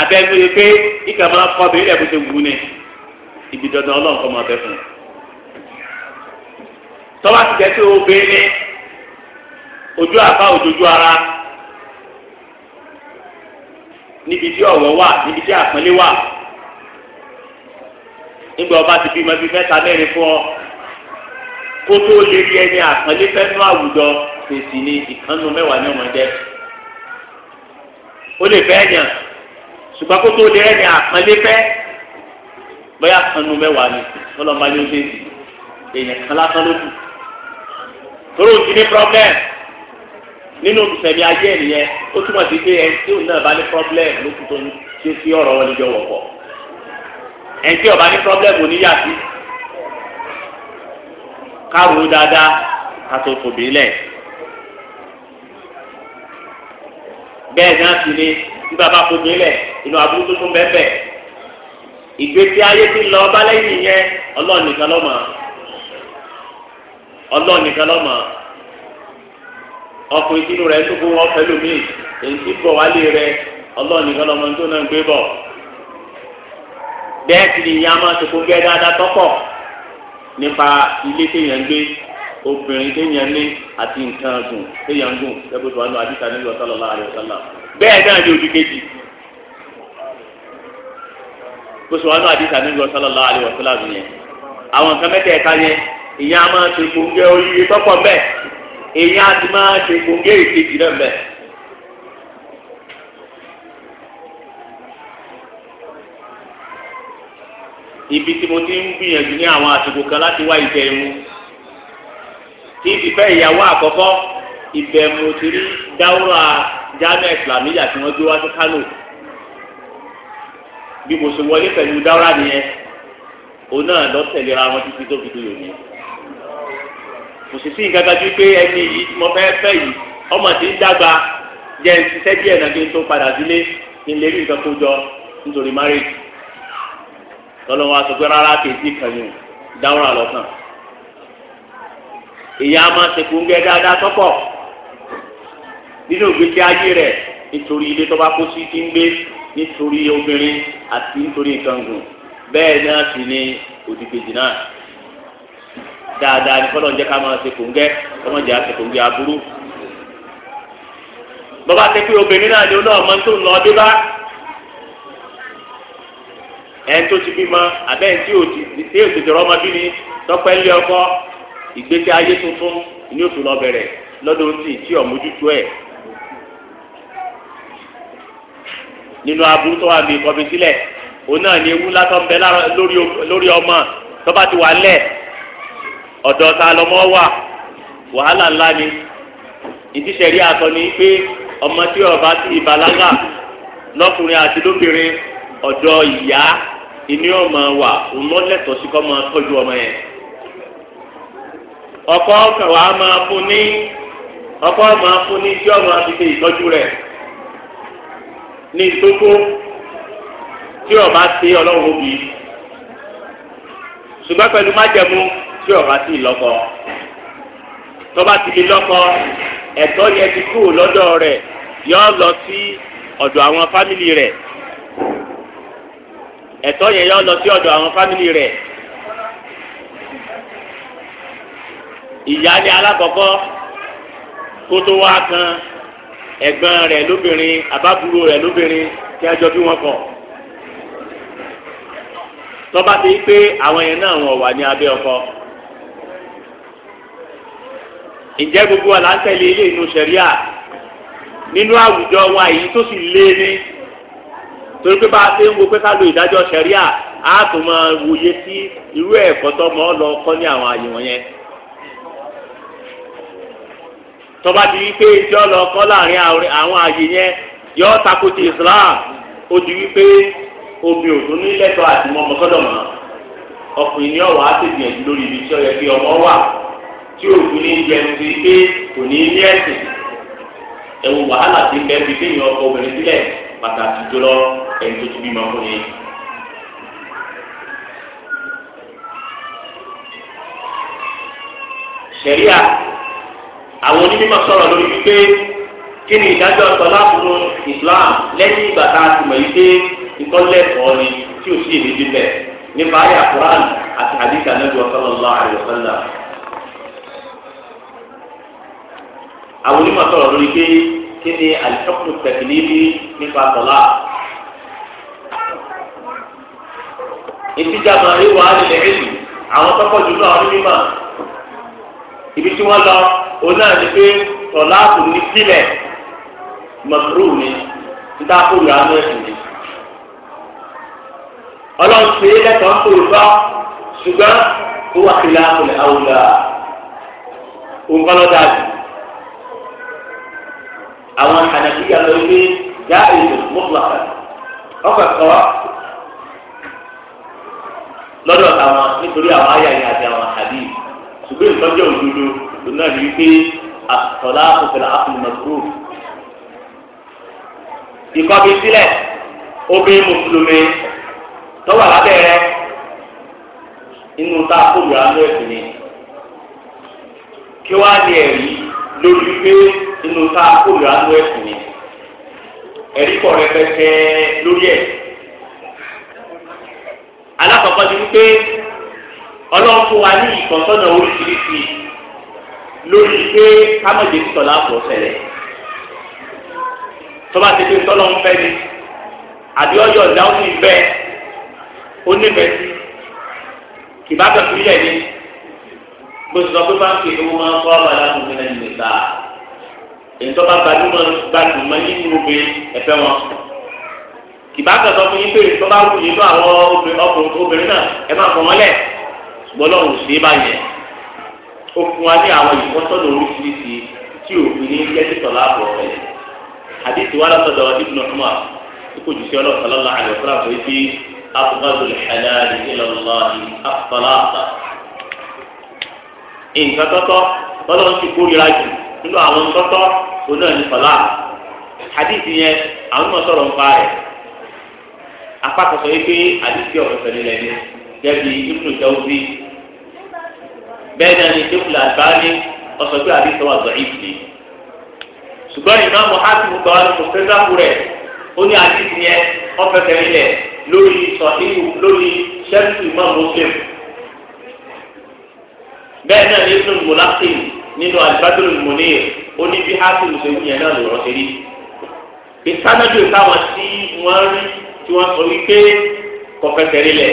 abẹ́gbẹ́yẹ pé ìkà máa kọ́ bẹ́ẹ̀ ẹ̀ bó ṣe wù ní ibi dandan ọlọ́run kọ́ máa bẹ́ fún un tọ́wá ti jẹ́ pé obìnrin ojú àbá òjòjú ara níbi tí ọ̀wọ̀ wà níbi tí àpọ́nlé wà nígbà ọba ti bímọ bíi mẹ́ta mẹ́rin fún ọ kó tó lè rí ẹni àpọ́nlé fẹ́nu àwùjọ fèsì ni ìkànnù mẹ́wàá ní ọmọdé ó lè fẹ́ yàn ṣùgbọ́n kó tó lè rí ẹni àpọ́nlé fẹ́ bóyá kànnù mẹ́wàá ni wọ́n lọ́ọ́ máa ní ó dé sí èèyàn kan lásán ló kù tó ló ti ní pírọ́blẹ́mù nínú olùsẹ̀mí ayé nìyẹn ó túmọ̀ sí pé ẹni tí òun náà bá ní pọ́blẹ́mù ló kú tó ń ṣe sí ọ̀rọ̀ wọn níjọ wọ̀pọ̀ ẹni tí ó bá ní pọ́blẹ́mù oníyà sí káàró dáadáa kátó fòbí lẹ̀ bẹ́ẹ̀ náà sì ni tí bàbá fòbí lẹ̀ inú aburú tuntun bẹ́ẹ̀ bẹ́ẹ̀ ìgbésí ayé ti lọ ọba lẹ́yìn yẹn ọlọ́ọ̀nìkan lọ́mọ ọlọ́ọ̀nìkan lọ́mọ. ọkùnrin tínú rẹ̀ tó kó wọn pẹ̀lú mi èyí bọ̀ wálé rẹ̀ ọlọ́ọ̀ni kan lọ́mọ tó náà gbé bọ̀ sì ni ìyá máa kó gẹ́ dáadáa tọ́pọ̀ nípa ilé téèyàn gbé obìnrin téèyàn ní àti nǹkan gùn téèyàn gùn àdìsá nílùú náà ojú kejì àdìsá nílùú èyí á ti máa ṣe gbòǹgé ìkejì náà mẹ́. ibi tí mo ti ń gbìyànjú ní àwọn àsìkò kan láti wá ìjẹ mu tí ìfẹ́ ìyàwó àkọ́kọ́ ibẹ̀ mo ti rí dáwúrà jamiu islamiyya tí wọ́n gbé wá sí Kánò bí mo ṣe wọlé pẹ̀lú dáwúrà nìyẹn òun náà lọ tẹ̀léra wọn títí tó fi tó yòó nìyẹn. kò sì sí nǹkan pé ẹni yìí mo fẹ́ fẹ́ yìí ọmọ tí ń dàgbà jẹ́ ń ṣiṣẹ́ díẹ̀ náà kí n tó padà sílé kí n lè rí nǹkan tó jọ nítorí marriage tọ́lọ́ wa sọ pé rárá kan èyí máa ń dáadáa tọ́pọ̀ nínú ìgbésí ayé rẹ̀ nítorí ilé tó bá kó sí ti ń gbé nítorí obìnrin àti nítorí nǹkan gùn bẹ́ẹ̀ náà ni náà. dáadáa ní kọ́lọ́ ń jẹ́ ká máa ṣe kòńgẹ́ ọmọ ìjà ṣe kòńgẹ́ aburú. bọ́bá ti pé obìnrin náà ni olóòmọ tó ń lọ dé bá ẹ̀ tó ti bímọ àbẹ́ ẹ̀ tí ò ti tẹ̀rọ ọmọ bí ni tọ́pẹ́ lé ọkọ ìgbésí ayé tuntun ní oṣù lọ bẹ̀rẹ̀ lọ́dún tí tí ọ̀mójútó ẹ̀ nínú aburú tó wà ní kọfí sílẹ̀ òun náà ni ewu látọ̀ ń bẹ lórí ọmọ tó bá ti wà lẹ̀ ọ̀dọ̀ ta lọ́mọ wà wàhálà ńlá ni ìtísẹ̀rí àtọ̀ ni pé ọmọ tí ọba ti ìbàlágà lọ́kùnrin àti lóbìnrin ọ̀dọ̀ ìyá ìní ọmọ wà ònọ́lẹ̀tọ̀ sí kọ́ máa tọ́jú ọmọ yẹn ọkọ kàwá máa fún ní ọkọ máa fún ní tí ọmọ ti ṣe ìtọ́jú rẹ̀ ní ìtókó tí ọba ṣe ọlọ́run òbí ṣùgbọ́n pẹ̀lú májẹ̀mú tí ọba ti lọ́kọ tọba ti di lọ́kọ ẹ̀tọ́ yẹn ti kú lọ́dọ̀ rẹ̀ yọ lọ sí ọ̀dọ̀ àwọn fámìlì rẹ̀ ẹ̀tọ́ yẹn yọ lọ sí ọ̀dọ̀ àwọn fámìlì rẹ̀ ìyá ni alákọ̀ọ́kọ́ kó tó wá kan ẹ̀gbọ́n rẹ̀ lóbìnrin àbábúrò rẹ̀ lóbìnrin kí a bí wọn kọ̀ tọ́ba ti pé àwọn yẹn náà wọ́n wà ní abẹ́ ọkọ. ǹjẹ́ gbogbo wa là ń tẹ̀lé ilé inú sẹ̀ríà nínú àwùjọ wa èyí tó sì lé ní torí pé bá a ṣe ń wo pé ká lo ìdájọ́ sẹ̀ríà á máa wòye sí irú ẹ̀kọ́ tó mọ́ lọ kọ́ ní àwọn àyè wọ̀nyẹn. tọ́ba ti wí pé ìjọ lọ kọ́ láàrin àwọn àyè yẹn yọ tako Islam ó ti omi ò àti mọ́ ọkùnrin ni á tètè lórí tí òfin ní jẹun ti pé kò ní ní ẹ̀sìn ẹ̀wù wàhálà ti bẹ́ẹ̀ fi kéèyàn ọkọ obìnrin sílẹ̀ pàtàkì jùlọ ẹni tó ti bímọ fún ni. sẹ̀ríà àwọn onímọ̀ sọ̀rọ̀ lórí wípé kí ni ìdájọ́ ọ̀tọ̀lá fún Islam lẹ́yìn ìgbà tá a ti mọ̀ yìí pé ìtọ́lẹ̀kọ̀ọ́ ni tí ò sí èdè bíbẹ̀ nípa ayé àkùrán àti àdìsí ànábì sallallahu alaihi wasallam. àwọn onímọ̀ sọ̀rọ̀ lórí pé kí ni àlùfọ́kù tẹ̀kìlì bí nípa tọ̀lá. ìtìjàmọ̀ ìwà àlìlẹ̀ ìlú àwọn tọ́kọ̀ jù náà onímọ̀ ibi tí wọ́n lọ òun náà ni pé tọ̀lá kò ní sílẹ̀ mọ̀kúrú ni níta kó ìyá ní ẹ̀sìn ni. ọlọ́run ṣe é lẹ́tọ̀ọ́ ń tòrò bá ṣùgbọ́n ó wà kílá kò àwùjọ òun kọ́ lọ́dà àwọn hànàfíà lọ pé jáàìlú mọ́tòlákà ọkọ̀ ẹ̀kọ́ lọ́dọ̀ àwọn nítorí àwọn ayé àyè àti àwọn àdì ṣùgbọ́n ìtọ́jú òdodo tó náà ní pé àtọ̀lá òfìlà àfìlùmọ̀tò ìkọ́bi sílẹ̀ obìnrin mùsùlùmí tọ́wọ́ lábẹ́ rẹ inú tá a àánú ẹ̀sìn ni kí wàá ní ẹ̀rí lórí pé nínú tá a kó lọ àánú ẹ̀sìn ni ẹ̀rí pọ̀ rẹpẹtẹ lórí ẹ̀. alákọ̀ọ́kọ́ ti wípé ọlọ́run fún wa ní ìkọ̀sọ́nà oríṣiríṣi lórí pé kámọ̀jẹ̀ ti sọ̀lá àpò ọ̀sẹ̀lẹ̀ tọ́ba ti fi tọ́lọ́ ń fẹ́ ni àbí ọjọ́ ìdáhùn ní bẹ́ẹ̀ ó nífẹ̀ẹ́ sí kìbá bẹ̀ fúlẹ̀ ni gbèsè ọgbẹ́ bá ń kéde wọn kọ́ ọ́ bàdá tó fi lẹ́nu ìta ìtọ́ba gbajúmọ̀ gbajúmọ̀ nínú obìnrin ẹ̀fẹ́ wọn. kìbá kan sọ fún yín pé ìtọ́ba wù yín lọ àwọn obìnrin náà ẹ máa fọ wọn lẹ̀ ṣùgbọ́n lọ́wọ́ ò ṣe é báyẹn. ó fún wa ní àwọn ìfọ́sọ́nà oríṣiríṣi tí òfin ní jẹ́ títọ̀ láàbọ̀ ọ̀fẹ́. àdìsí wa lọ́sọ̀dọ̀ ibùdó ọ̀túnmọ̀ ikú jùsí ọlọ́sọ̀lọ́lá àlùfáà fún ibi afọ́gbàdùn ìhàlàlì ìlọ́lọ́ọ̀lì afọ́lá nínú àwọn tọ́tọ́ òun náà ní sọlá hadith yẹn àwọn náà sọ̀rọ̀ nípa rẹ̀ apákan sọ wípé hadith ọ̀rọ̀ sọ̀rọ̀ lẹ́nu gẹ́gẹ́ bí ibùdó ìjọba bí bẹ́ẹ̀ náà ni dókòlà àgbáyé ọ̀sọ̀ pé hadith wà sọ ìbìlì ṣùgbọ́n ìmọ̀ àwọn hásìmù gbọ́ ní kò fẹ́ẹ́ dákú rẹ̀ ó ní hadith yẹn ọ̀fẹ́fẹ́ nílẹ̀ lórí sọ lórí sẹ́ńtù ìmọ̀ nínú alibadul munir ó ní bí hafi mùsùlùmí yẹn náà lọ́rọ̀ ṣe rí ìsánádù táwọn tí wọ́n rí tí wọ́n sọ wípé kọfẹsẹ̀rí lẹ̀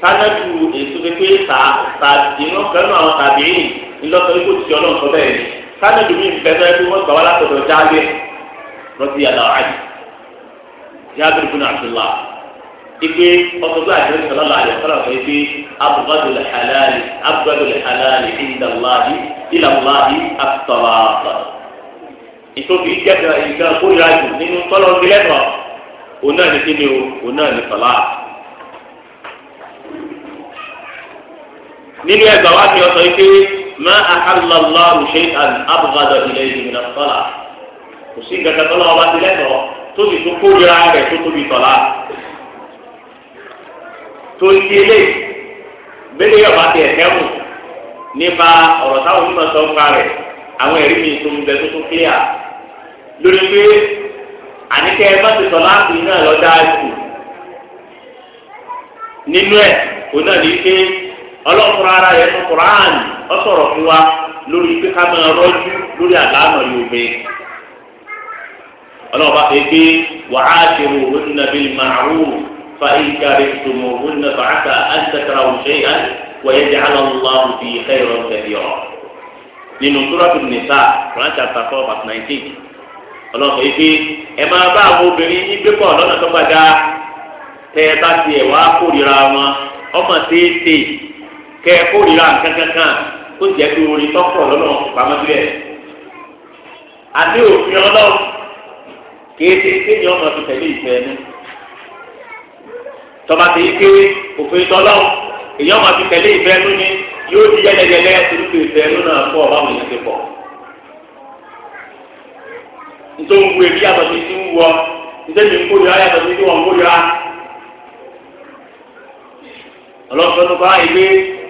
sánádù èso pépé ta ta ìlú kẹnu àwọn tàbí ìlọsọ ikú ti ọlọ́run sọ bẹ́ẹ̀ ni sánádù mi bẹ́ẹ̀ tó wọ́n gbà wá látọ̀dọ̀ jáde rọ́bì yàrá àjì jáde bùnà àdúrà ipe ọtọgbà àti ọsọlọlọ àti ọsọlọlọ ipe abubadul halali abubadul halali indalahi ilalahi atọlọlọ ìtòkì ìjẹta ìgbà kórìíra jù nínú tọlọ ńlẹtọ òun náà ní kíni o òun náà ní tọlá. nínú ẹgbà wa fi ọsọ ipe má àhàlọlọ ṣẹyìn abubadul ilẹ ìdìbò náà tọlá kò sí gàgàtọlọ ọba ti lẹtọ tóbi tó kórìíra rẹ tó tóbi tọlá torí ti eléyìí gbélé yọba ti ẹ̀fẹ́ mu nípa ọ̀rọ̀ táwọn onímọ̀ sọ ń pa rẹ̀ àwọn ẹ̀rí mi tó ń bẹ tó tún kílíà lórí pé àníkẹ́ ẹ má ti sọ láti iná lọ́jà àìsù nínú ẹ̀ òun ní pé ọlọ́kùnrin ara yẹn fún Kùránì ọ fún wa lórí pé ká máa rọ́jú lórí àlànà Yorùbá ọlọ́ba ẹgbẹ́ wàhálà ṣe wò ó nínú abilma àrùn. فإن كرهتموهن فعسى أن تكرهوا شيئا ويجعل الله فيه خيرا كثيرا nínú sóràtù nìsa branch chapter four verse nineteen ọlọ́sọ̀ ife ẹ máa bá àwọn obìnrin ní pépọ̀ lọ́nà tó gbàdá tẹ ẹ bá tiẹ̀ wá kórìíra wọn ọmọ tètè kẹ ẹ kórìíra kankankan ó jẹ́ pé orin tọ́pọ̀ lọ́nà pamọ́ sílẹ̀ àti òfin ọlọ́run kéde kéde ọmọ tó tẹ̀lé ìfẹ́ ní tọba tẹ yí pé òfin tọlọ èyàn máa fi tẹ̀lé ìfẹ́ ẹnu ni yóò di yẹlẹyẹlẹ torípé ìfẹ́ ẹnu náà fọ ọba àwọn èèyàn ti pọ̀ nítorí wo èmi yàtọ̀ sí ti ń wọ nítorí mi ń kórìíra yàtọ̀ sí ti wọ́n ń kórìíra ọlọ́sọ̀rọ̀ tó bá ìwé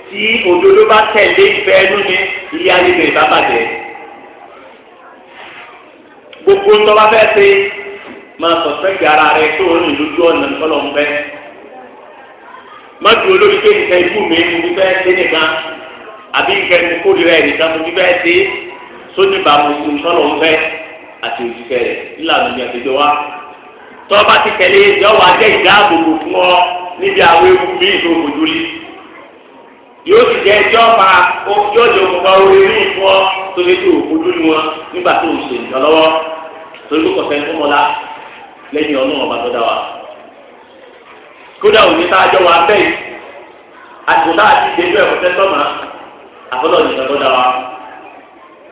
tí òdodo bá tẹ̀lé ìfẹ́ ẹnu ni ilé ayé bẹ̀rẹ̀ bá bàjẹ́ gbogbo ńlọ́ba fẹ́ ṣe máa sọ̀tẹ́gì ara rẹ tó ń lójú ọ̀nà ńlọ́ọ̀fẹ́ má dùn olórí pé nìkan ikú mi mo fi fẹ́ ṣe nìkan àbí nǹkan ẹni kórìíra ẹnìkan mo fi fẹ́ ṣe sóní bàmù ìṣọ̀lọ̀ ń fẹ́ àti òṣìṣẹ́ rẹ̀ ìlànà ìyẹn ti jọ wá tọ́ba ti tẹ̀lé yọ̀wá jẹ́ ìdáàbòbò fún ọ níbi àwọn ewu mi ìṣòro jùlí yóò sì jẹ́ ẹjọ́ pa yóò jẹ́ òkùnkà orí rí ìfún ọ tó lé tó òkúdú ni wọn nígbà tó ń ṣe ìjọ lọ́wọ́ torí kò sẹ́ni lẹ́yìn ọlọ́run kódà òní tá a jọ wà bẹ́ẹ̀ àtìkò tá a ti dédú ẹ̀kọ́ tẹ́tọ́ mọ́ àfọlọ́ nìkan tó dá wa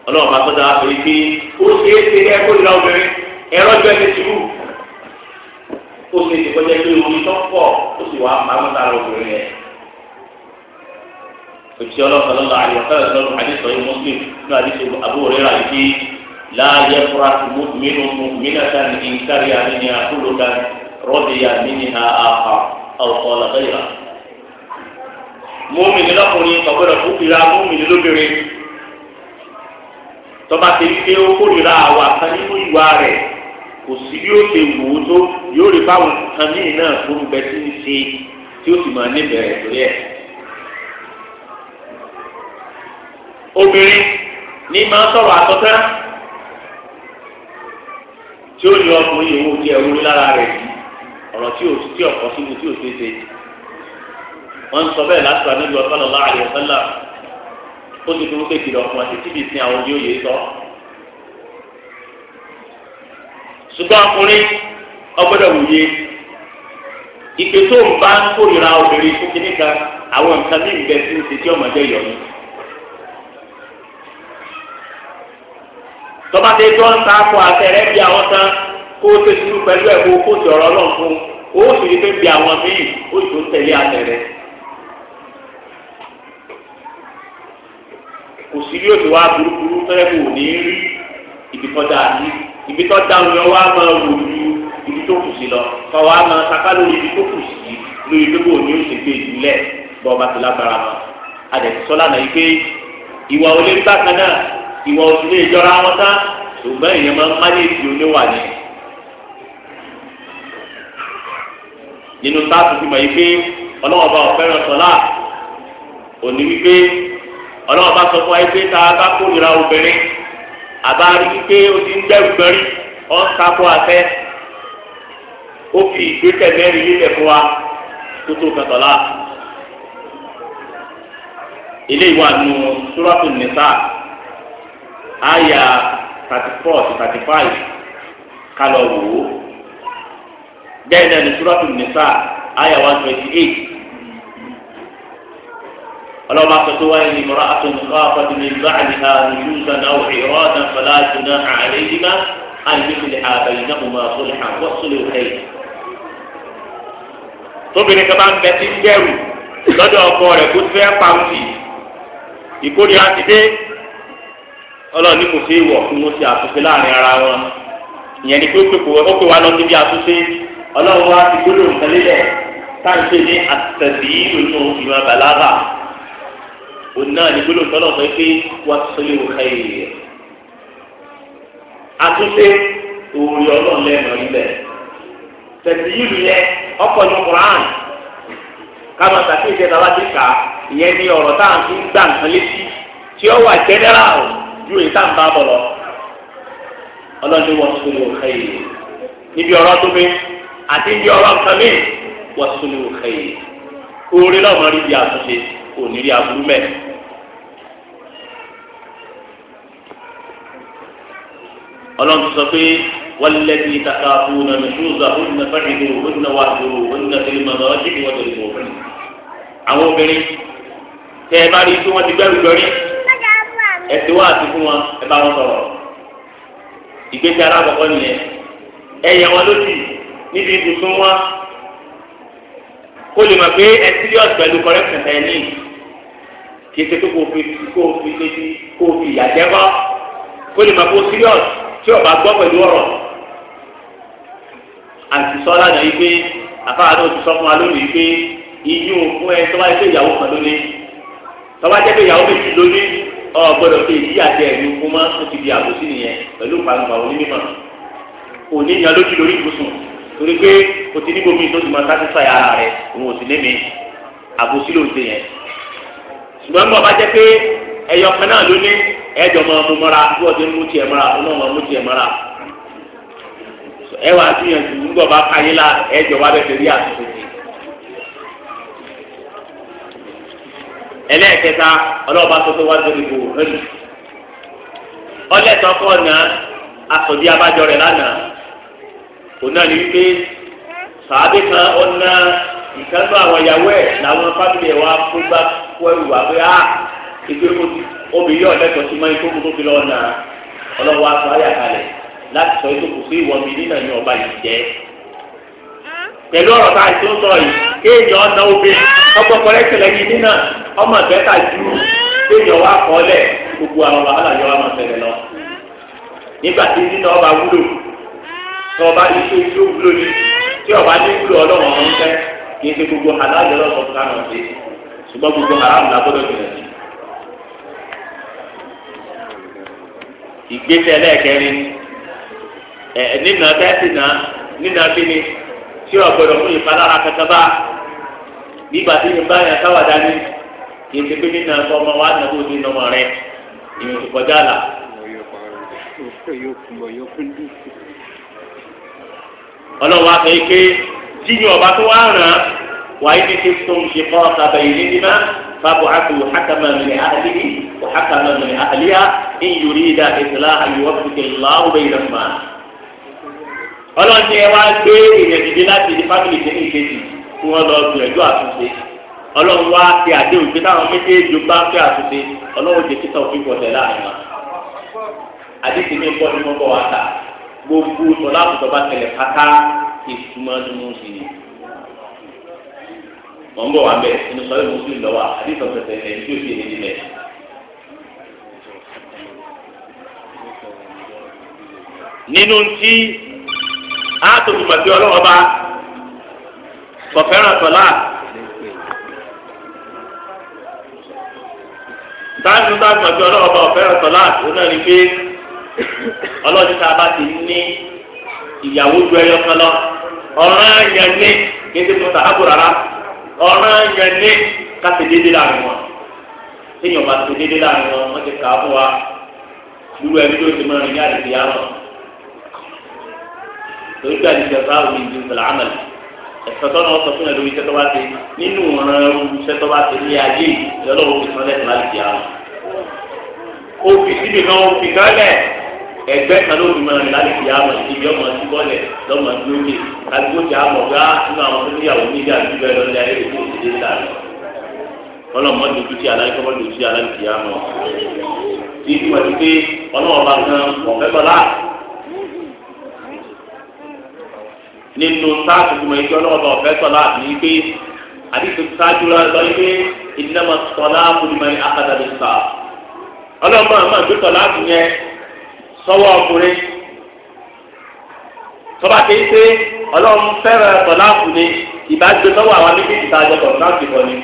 ọlọ́run bá tó dá wa pé kí ó ṣe é ṣe ẹ̀kọ́ ìlà obìnrin ẹ̀rọ jọ ẹni tìlú ó ṣe ti kọjá pé omi tó pọ̀ ó sì wá máa ń ta obìnrin yẹn òtí ọlọ́run lọ́la àyọ̀kọ́ ìlọ́run àdìsọ́ yìí mọ́sílìm ní àdìsọ́ àbúrò rẹ̀ rà láàyè fúra mínú mínú mínú رضي منها آخر أو قال غيره múmi ní lọkùnrin ọgbọdọ tó fi ra múmi ní lóbìnrin tọba ti rí pé ó kórìíra àwa kan nínú ìwà rẹ̀ kò sí bí ó ṣe wò ó tó yóò rí báwọn kan náà tó ń bẹ sí ní ṣe tí ó sì máa ní bẹ̀rẹ̀ lórí ẹ̀. obìnrin ní máa sọ̀rọ̀ àtọ́tán tí ó ní ọkùnrin ìwò tí ẹ̀rú lára rẹ̀ yìí ọ̀rọ̀ tí o tí ọ̀kọ́ síbi tí o ti ṣe wọ́n sọ bẹ́ẹ̀ láti wà níbi ọ̀sán lọ́la àyè ọ̀sánlá ó ti dúró kékeré ọkùnrin àti tíbi sin àwọn ojú òye sọ. ṣùgbọ́n ọkùnrin ọgbọ́dọ̀ wòye ìpè tó ń bá ń kórìíra obìnrin fún kínní kan àwọn nǹkan bí ìgbẹ́ tí ń ṣe tí ọmọdé yọ ni. tọ́ba tẹ́ tó ń ta kó àtẹ̀rẹ́ bí àwọn tán. kó o ṣe sùúrù pẹ̀lú ẹ̀ kó o kó o sọ̀rọ̀ ọlọ́run fún o ó sì rí pé bí àwọn míì ó sì tó kò sí bí wa burúkú fẹ́ kò ní rí ìbítọ́jà àti ìbítọ́jà òun wa máa wò ju ibi tó kù sí lọ kọ́ wa máa ibi tó kù sí lórí pé kò ní oṣù gbé ìdílẹ̀ bọ́ ọba tó lágbára mọ́ adẹ̀sọ́lá náà yìí pé ìwà bákan náà ìwà nínú táàtù fi mọ̀ yìí pé ọlọ́wọ́ bá ọ̀fẹ́ràn sọ́lá òní wípé ọlọ́wọ́ bá sọ fún wa pé tá a bá kórìíra obìnrin àbá rí wípé o ti ń dẹ́rù gbẹ́rí ọ̀ ń takò àtẹ ó fi ìgbésẹ̀ mẹ́rin lílẹ̀ fún wa tó tó kan sọ́lá. ilé ìwà nu súrọ́tù nìsa àyà thirty four to thirty five kálọ̀ wò ó bẹ́ẹ̀ náà ní súrọ́tù nìfà àyà one twenty eight ọlọ́ba tuntun wáyé ní mọ́ra àtúntò àpàtì ní báàlì ha nìjúùsà náà wò ìrọ́dà fọlá jùlọ àlẹ́ yìí má àyíkìlẹ̀ àbẹ̀yìn náà mọ̀ sólè àwọn sólè òkèyè. tóbìnrin kan bá ń bẹ sí bẹ́rù lọ́dọ̀ ọkọ rẹ̀ kó fẹ́ pàǹtì ìkórìíra ti dé ọlọ́ọ̀ni kò fi wọ̀ fún wọn ti àtúnṣe láàrin ara wọn ìyẹn ni pé ó pè wá lọ síbi àtúnṣe ọlọ́run wa ti gbólóhùn kan lélẹ̀ táǹṣe ní àtẹ̀síyìí nínú ìmọ̀ bàlágà òun náà ní gbólóhùn tọ́lọ̀ fẹ́ pé wọ́n ti sọ léwu káyé rẹ̀. àtúnṣe òòrì ọlọ́run lẹ́nu ibẹ̀ tẹ̀síyìí yẹn ọkọ̀ ní Qur'an káma tàbí ìjẹta láti kà ìyẹn ní ọ̀rọ̀ tá à ń gbà nǹkan létí tí ó wà general ju èyí tá à ń bá bọ̀ lọ ọlọ́run ni wọ́n ti sọ léwu káyé rẹ̀ níbi ọ̀rọ̀ tó bẹ́ẹ̀ àti ibi ọ̀rọ̀ nǹkan mi wọ́n sún ní òkè yìí orí náà mọ̀ rí bí àtúnṣe kò ní rí aburú mẹ́. ọlọ́run ti sọ pé wàlẹ́bí takaafu na nìṣúzà ọ̀nà fẹ́rẹ̀dì ọ̀nà wàjú ọ̀nà tẹlifíwọ̀n ọ̀nà tẹlifíwọ̀n ọ̀nà tẹlifíwọ̀n. àwọn obìnrin tẹ ẹ bá rí tí wọ́n ti gbẹ́rù gbẹ́rí ẹ ti wá àti fún wọn ẹ bá wọn sọ̀rọ̀ ìgbésẹ̀ alákọ̀ọ́kọ́ nìyẹn ẹ yẹ wọn lójijì níbi ibùsùn wọn kó lè mọ̀ pé ẹ serious pẹ̀lú correction ẹ̀ ní kí ṣe tó kó fi kó fi létí kó fi ìyà jẹ́ bọ́ kó lè mọ̀ pé ó serious tí ọba gbọ́ pẹ̀lú ọ̀rọ̀ àti sọ́lá náà yí pé àfáà náà ti sọ fún wa lónìí pé iyún fún ẹ tọ́wá ẹgbẹ́ ìyàwó kan lónìí tọ́wá jẹ́pẹ́ ìyàwó méjì lónìí ọ pé èyí àti ẹ̀yìn fún mọ́ ó ti di àbòsí nìyẹn pẹ̀lú pàǹpà onímọ̀ òní ìyàn lójú lórí ibùsùn torí pé o ti ní gbogbo ìtọ́jú máa sátífà ara rẹ òun ò sì lémi àbòsí ló ń ṣe yẹn ṣùgbọ́n bọ́ bá jẹ́ pé ẹyọ kan náà ló ní ẹjọ́ máa mú mọ́ra bí wọ́n ti ń mú tiẹ̀ mọ́ra òun náà máa mú tiẹ̀ mọ́ra ẹ wá gbìyànjú nígbà bá káyé la ẹjọ́ wa bẹ̀ fẹ́rí àtúntò sí. ẹlẹ́ẹ̀kẹta ọlọ́ọ̀bá tó tó wá sórí ibò rẹ̀ ọlẹ́tọ̀ọ́kọ̀ náà asọ̀bí abájọ rẹ̀ lánàá. ona ni ní wípé sàábì kan ọ̀nà ìkánú àwọn ìyàwó ẹ̀ làwọn fábìlì ẹ̀ wá kó gbá kó ẹrù wá pé á ìgbé obìnrin yóò lẹ́tọ̀ọ́ máa ń kókó tó na ọlọ́wọ́ aṣọ ayà kalẹ̀ láti sọ ètò kò sí ìwọ mi nínà ní ọba yìí jẹ́ pẹ̀lú ọ̀rọ̀ a sọ yìí kéèyàn ọ̀nà obìnrin ọgbọ́n yìí nínà ọmọ tí ọba ní tó tó wúlò ní tí ọba ní wúlò ọlọ́run ọ̀hún fẹ́ kí n ṣe gbogbo aláàjọ lọ́sọ̀ fún àwọn ọ̀sẹ̀ ṣùgbọ́n gbogbo aráàlú lágbọ́dọ̀ jùlọ sí. ìgbésẹ̀ lẹ́ẹ̀kẹrin ẹ̀ nínà tẹ́sí náà nínà kíni tí ọ̀gbọ́dọ̀ fún ìpalára kẹtàbá nígbà tí ìbá yẹn káwàdá ní kí n ṣe pé nínà ọmọ wa nàbó nínú ọmọ rẹ ìrìn kọjá là. ọ̀yọ́ ọlọ́wọ́ afẹ́ ike jíjẹ ọba tó wá ràn án wàyí ní ti tó ń ṣe fọ́ sábẹ́ yìí ní ma fàbọ̀ àti wòhákàmà min ahlihi wòhákàmà min ahliha in yurida islaha yuwaffiqi Allahu baynahuma. ọlọ́ọ̀ni ẹ wá gbé èèyàn láti di fámìlì tẹ́lẹ̀ ìkejì kí wọ́n lọ gbìyànjú àtúnṣe ọlọ́run wá ti mi ń bọ́ ní mọ́kọ́ wa ta gbogbo sọlá tó bá tẹlẹ pátá ìtumọ̀ nínú sí ni mọ̀ ń bọ̀ wá bẹ́ẹ̀ inú sọ́yìn mùsùlùmí lọ́wọ́ àdìsọ̀ tẹ̀tẹ̀ ẹ̀ ń tí ó fi èdè nílẹ̀. nínú ti àtòkù màtí ọlọ́wọ́ bá kọ̀fẹ́ràn sọ̀lá táàbù táàbù màtí ọlọ́wọ́ bá ọ̀fẹ́ràn sọ̀lá náà ní pé ọlọ́ọ̀dún tá a bá ti ní ìyàwó ju ẹyọ kan lọ ọ̀ràn yẹn ní kéde tó ta àbò rárá ọ̀ràn yẹn ní káṣe déédéé láàrin wọn téèyàn bá ṣe déédéé láàrin wọn wọ́n ti kà á fún wa irú ẹbí tó ti mọ́rin ní àdìsí yá lọ torí pé àdìsí ọ̀sán àwọn ìdí ìfẹ̀lẹ̀ àmàlẹ̀ ẹ̀sọ́ tó náà sọ fún ẹ lórí iṣẹ́ tó bá ṣe nínú ọ̀ràn iṣẹ́ tó bá ṣe ní ayé ìlọ́lọ́wọ́ fi sọ́lẹ̀ òfì síbi kan òfì kálẹ̀ ẹgbẹ́ kan ló fi máa rìn láti fi àmọ̀ ìdíbi ọmọ ti bọ́lẹ̀ lọ́mọ tó lè láti ó ti àmọ̀ gbá nínú àwọn tó níyàwó níbi àti bẹ́ẹ̀ lọ lẹ́yìn èyí tó ti dé sáré ọlọ́mọ dojú ti aláì kọ́mọ dojú ti aláì fi àmọ̀ tí ìdí wọn ti pé ọlọ́mọba kan ọ̀fẹ́ bọ́lá nínú sáàtì tó mọ ìjọ ọlọ́mọba ọ̀fẹ́ sọ́lá àti pé àdìsí sáájú lọ́yìn pé ìdílé mọ́ sọ́lá kúlùmọ́ ní ọlọ́mọ àmọ́ ìgbésọ̀ láti yẹn sọ́wọ́ ọkùnrin tọ́ba ti ń pé ọlọ́run fẹ́ràn tọ́láàkù ni ìbágbé sọ́wọ́ àwọn méjèèjì tá a jọ tọ̀ láti bọ̀ ni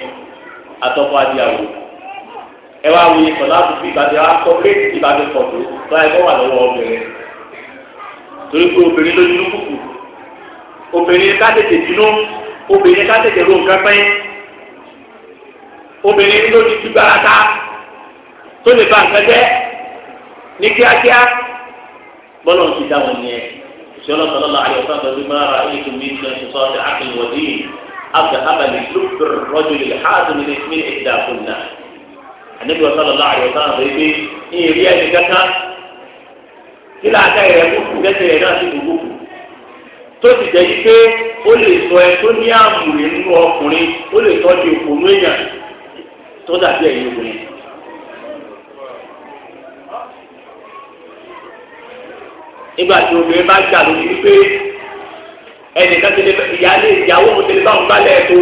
àtọ́kọ́ adìyàwó ẹ wá wuyi tọ́láàkù bí ìbàdí wa kọ́ pé ìbàdí pọ̀ tó tọ́ ẹ kọ́ wà lọ́wọ́ obìnrin torí pé obìnrin ló dúró kùkù obìnrin ká tètè dúró obìnrin ká tètè ro nǹkan pẹ́ obìnrin ló di gbígbára ká tó lè ba nǹkan jẹ́ ní kíákíá bọ́lá ń ti dá wọn yẹn ìṣọlá sọlá la àyè sábà bí máa ra ètò mi ní ẹni sọ ọdẹ àkìlì wọ̀dí àgbà abàlì lùpẹ̀rẹ̀ rọ́jò lè ha àti mi lè mi lè dà fún nà ànábi wa sọlá la àyè sábà bí pé ní ìrí ẹni kankan kí láàká yẹ kó kú kẹsẹ̀ yẹ náà ti dùgbò kù tó ti jẹ́ yí pé ó lè sọ ẹ tó ní àmùrè nínú ọkùnrin ó lè sọ ọ́ nígbà tí obìnrin bá gbà lójú wípé ẹnìkan ti lè ìyáálé ìyàwó òun ti lè báwọn gbálẹ̀ tó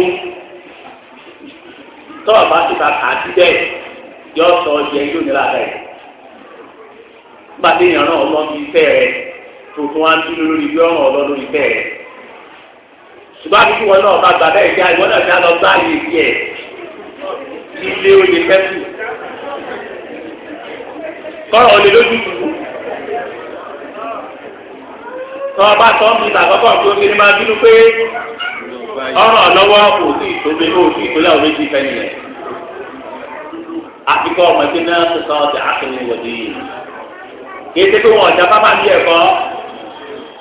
tọ́wọ́ bá ti ta kà á ti bẹ́ẹ̀ yọ sọ ọjẹ yóò nílá rẹ̀ nígbà tí èèyàn náà lọ sí ìfẹ́ rẹ̀ tuntun wá ń dúró lórí bí ọ̀ràn ọ̀lọ́ lórí ìfẹ́ rẹ̀ ṣùgbọ́n àbíkú wọn náà bá gbà bẹ́ẹ̀ já ìwọ́n náà fi á lọ gbá àyè tiẹ̀ ilé olè fẹ́ kù kọ́rọ̀ olè lójú tù tọ́ ọba tọ́ mi tàkọ́kọ́ tó fi ní máa bínú pé ọ̀rọ̀ lọ́wọ́ kò sí ìtòbí ní oṣù ìpínlẹ̀ òwe ti fẹ́ nìyẹn. àfikọ́ ọmọdé náà tó sọ ọ́ ti àkínní wọ̀dí yìí. kéde pé wọn ọ̀já bábà ní ẹ̀kọ́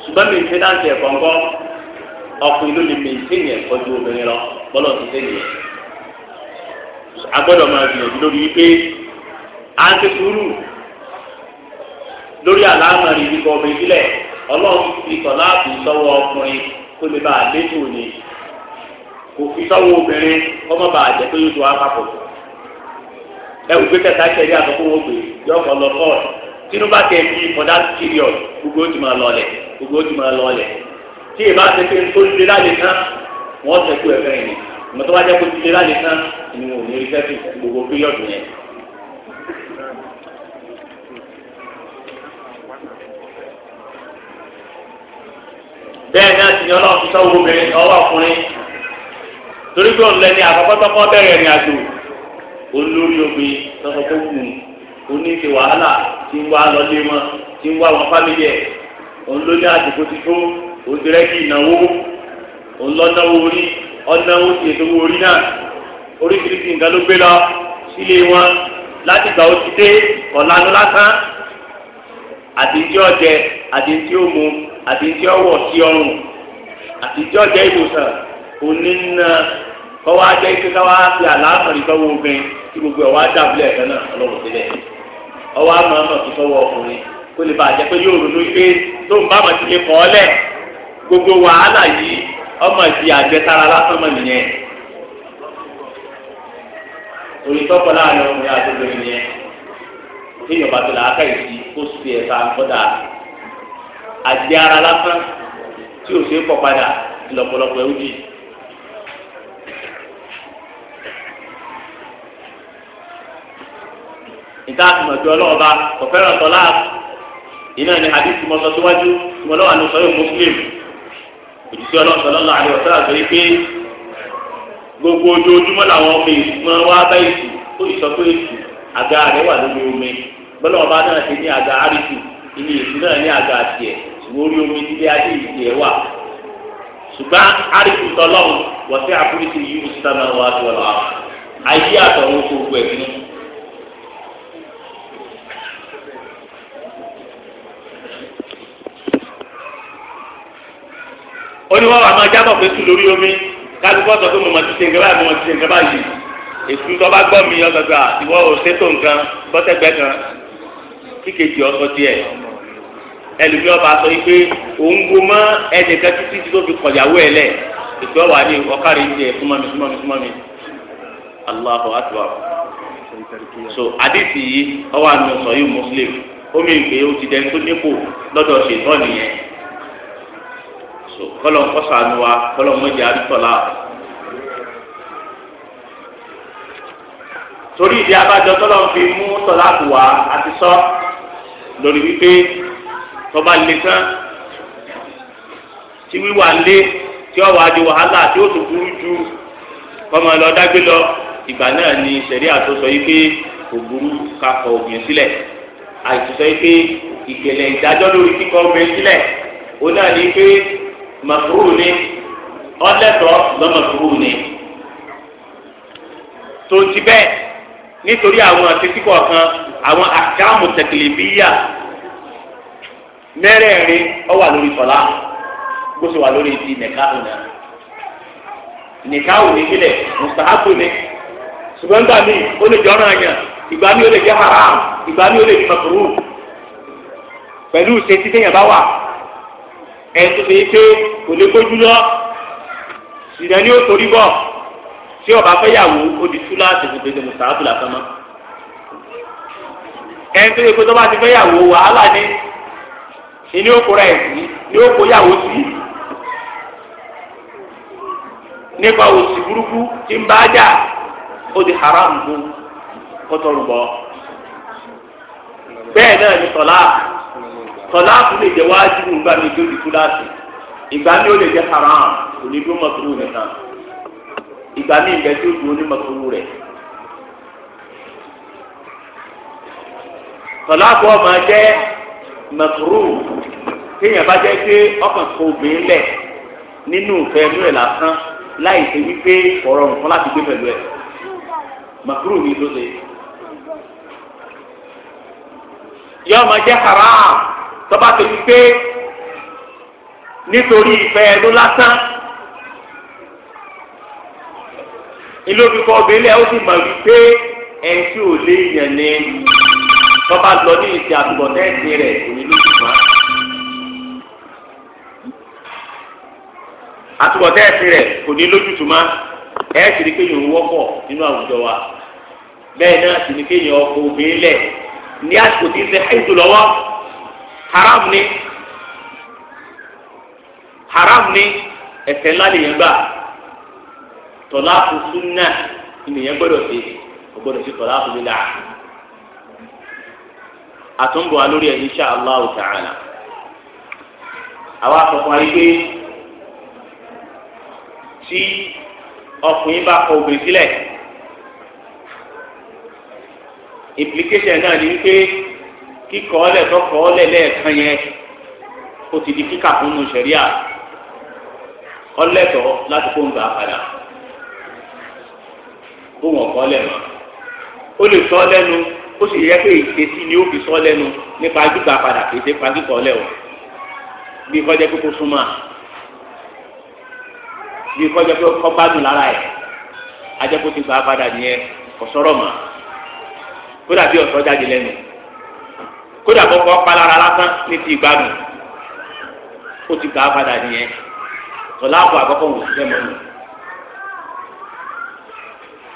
ṣùgbọ́n mi ṣe dáǹtì ẹ̀kọ́ ńkọ́ ọkùnrin ló lè mèntínì ẹ̀kọ́ ju obìnrin lọ bọ́lọ̀ ti fẹ́ nìyẹn. agbọ́dọ̀ máa gbìyànjú lórí wípé à ń ti sùúrù lórí àlámọ̀rin ìdíkọ̀ ọmọ ìbílẹ̀ ọlọ́run fi tọ́láàbù sọ́wọ́ ọkùnrin kó lè bá a létò ni kò fi sọ́wọ́ obìnrin kọ́mọ́ bá a jẹ́ pé yóò tó wá papọ̀ ẹ wò pé kẹta kẹrí àtọ́kù wọn gbé yọ ọkọ lọ kọ́ọ̀tù tínú bá tẹ bí for that period gbogbo ó ti máa lọ lẹ̀ gbogbo ó ti máa lọ lẹ̀ tí ìbá ti fi tó lé lálẹ́ tán wọ́n tẹ̀kú ẹ̀fẹ́ yìí mọ̀tọ́ bá jẹ́ kó ti lé lálẹ́ tán ni wọn ò ní rí fẹ́ẹ́ fi gbogbo period yẹn bẹ́ẹ̀ náà sì ni ọlọ́run fi sọ́wọ́ obìnrin ọwọ́ ọkùnrin torí pé òun lẹni àkọ́kọ́tọ́kọ́ bẹ̀rẹ̀ ìrìn àjò olórí omi tọ́sọ̀ tó kù oníṣe wàhálà tí ń wá wọn tí ń wá wọn fámìlì ẹ̀ òun ló ní àsìkò ti tó òun ti rẹ́kì ìnáwó òun lọ náwó orí ọ̀nàwó ti ètò owó orí náà oríṣiríṣi nǹkan ló gbé àti tí ọwọ́ sí ọrùn àti tí ọjà ìwòsàn oníná kọ́wá jẹ́ ike káwá fi àlàáfàrí sọ́wọ́ obìnrin tí gbogbo ẹ̀ wá dàbílẹ̀ ẹ̀kan náà ọlọ́run sílẹ̀ ọwọ́ àmọ́ àmọ́ fi sọ́wọ́ ọkùnrin kó lè bàa jẹ́ pé yóò ronú pé tó ń bá àmọ́ ti lè kọ́ ọ́ lẹ̀ gbogbo wàhálà yìí ọmọ ìdí àjẹsára lásán mọ̀ nìyẹn olùtọ́kọ̀ láàrin ọkùnrin àti obìnrin yẹn tí àti ara lásán tí o ṣe é padà lọ́pọ̀lọpọ̀ ìta àtúmọ̀tò ọlọ́ọ̀ba tọ́lá iná ni síwájú ìmọ̀lọ́wà gbogbo ojoojúmọ́ làwọn ọmọ ìsúná wá bá ó sì sọ pé àga rẹ̀ wà lórí omi gbọ́dọ̀ ọba náà ti ní àga àrísù ilé èsì náà ní àga wọ́n omi ti ayé ìdí ẹ̀ wà ṣùgbọ́n àríkù tọ́lọ́hùn wọ́n ti àkúrísí yìí sábà wà tó lọ ayé àtọ̀run kò gbẹ nínú. oníwọ́n wà máa jábọ̀ pé sùn lórí omi kálukọ́ sọ pé mo máa ti ṣe nǹkan báyìí mo ti ṣe nǹkan báyìí èsù tó bá gbọ́ mi ọ̀gbọ̀gbà ìwọ nǹkan kan kíkejì ọ̀sọ̀ díẹ̀. ẹlòmí ọba sọ yìí pé òun gbó mọ ẹnìkan títí tó fi kọjàwó ẹ lẹ ìgbẹ́ wà ní ọ̀kárí ìdí ẹ̀ súnmọ́mi súnmọ́mi súnmọ́mi Allahu akbar so àdìsí yìí ọwọ́ àmì ọ̀sọ̀ yìí Muslim omi ìgbé ó ti dẹni tó nípò lọ́dọ̀ ṣe tọ́ nìyẹn so kọ́lọ̀ ń kọ́sọ̀ àánú wa kọ́lọ̀ ń mọ̀jẹ̀ àdìsọ̀lá torí ìdí abájọ tọ́lọ́ fi mú tọ́lá kù wá àti sọ lórí wípé tọ́ba lé tán tí wíwà lé tí ọ̀wà di wàhálà tí ó tó burú ju kọ́mọ lọ dágbé lọ ìgbà náà ni sẹ̀rí àtúnṣọ yìí pé kò burú ká kọ obìnrin sílẹ̀ àìsísọ yìí pé ìgbẹ̀lẹ̀ ìdájọ́ lórí kíkọ obìnrin sílẹ̀ ó náà ní pé màkúrú ni ọlẹ́tọ̀ lọ́màkúrú ni tó ti bẹ́ẹ̀ nítorí àwọn àti kíkọ̀ kan àwọn àkàmù tẹ̀kìlì bíyà mẹ́rẹ̀ẹ̀rin ọ wà lórí sọlá bó ṣe wà lórí ti nìkáwò náà nìkáwò nípìnlẹ̀ mùsàákù ni ṣùgbọ́n nígbà míì ó lè jọ́ràn àyàn ìgbà míì ó lè jẹ́ haram ìgbà míì ó lè jẹ́ kúrú pẹ̀lú ṣe títí yẹn bá wà ẹ̀ tó ṣe é pé kò lè kójú lọ ṣìdá ni ó torí bọ̀ tí ọba fẹ́yàwó ó di túlá àtẹ̀sẹ̀tẹ̀ ní làtọ́mọ́ ẹ̀ tó ṣe tó bá ti fẹ́yàwó wàhálà ni. ìní oko rẹ̀ sí ní oko yàwó sí nípa òsì burúkú tí ń bá jà ó di haram ni tọ́lá tọ́lá tún lè jẹ́ wájú nígbà mi tó di kúláàsì ìgbà mi ò lè jẹ́ haram kò ní dún mọ́tò rẹ̀ náà ìgbà mi ìgbà dùn ní mẹkúrú téèyàn bá jẹ́ pé ọkàn kò obìnrin lẹ̀ nínú ìfẹ́ inú ẹ̀ lásán láì ṣe wípé ọ̀rọ̀ nǹkan láti gbé pẹ̀lú ẹ̀ mẹkúrú ni ló ṣe. yọ ọmọ jẹ́ haram tọ́ba tó wípé nítorí ìfẹ́ ẹ̀dún lásán ìlú òbí kọ́ obìnrin lẹ̀ ó sì mọ̀ wípé ẹ̀ tí ò lè yàn ní ẹ̀yìn. tọ́ba lọ ní ìsì àtúbọ̀tẹ́ rẹ rẹ̀ òní ló ti mọ́. àtúbọ̀tẹ́ ẹ̀sìn rẹ̀ òní lójútùú má ẹ̀ sì ni wọ́pọ̀ nínú àwùjọ wa bẹ́ẹ̀ náà sì ni kéèyàn ọkọ̀ obìnrin lẹ̀ ní àsìkò tí ń lọ́wọ́ haram ni haram ni ẹ̀ṣẹ̀ ńlá nìyẹn gbà tọ́lá fún súnà nìyẹn gbọ́dọ̀ àtúnbọ̀ alori lórí ẹ̀ insha allah ta'ala àwa àkọ́kọ́ ayé pé tí ọkùnrin bá kọ obìnrin sílẹ̀ implication náà ni ọ́lẹ̀ ọ́lẹ̀ lẹ́ẹ̀kan yẹn ó ti di kíkà fún un ṣẹ̀ríà ọlẹ́tọ̀ láti kó ń gbà padà kọ́ ọ́lẹ̀ mọ́ ó lè lẹ́nu. ó sì yẹ pé ìṣesí ni ó fi sọ lẹ́nu nípa gbígbà padà kì í ṣe pa kíkọ́ o bí kọjá pé kó súnmọ́ bí kọjá pé kọ́ gbádùn lára ẹ̀ ajẹ́kó ti gbà padà nìyẹn ọ̀sọ́rọ̀ mọ́ kódà bí ọ̀sọ́ jáde lẹ́nu kódà kọ́kọ́ palára lásán ní ti ìgbádùn ó ti gbà padà nìyẹn sọlá àpò àkọ́kọ́ wò sí fẹ́ mọ́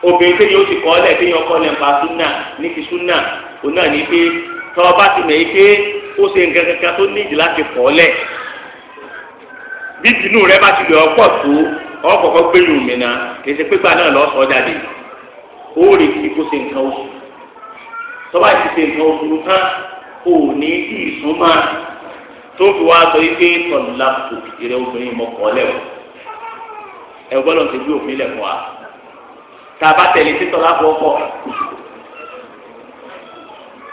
obìnrin tẹ́lẹ̀ yóò ti kọ́ ọ́ lẹ̀ tẹ́lẹ̀ yóò kọ́ ọ́ lẹ̀ nípa súnà ní ti súnà òun náà ní pé tọ́wọ́ bá ti mẹ̀ yí pé ó ṣe nǹkan kankan tó níjì láti kọ́ ọ́ rẹ bá ti lè ọ̀pọ̀ tó ọ̀kọ̀ọ̀kọ̀ gbé yòó náà kì í ṣe náà lọ sọ jáde ó rè kí kó ṣe nǹkan oṣù tọ́wọ́ ti ṣe nǹkan oṣù tán kò ní tó fi wá sọ yí pé obìnrin tàbá tẹ̀lé sí tọ́lá bọ̀ ọkọ̀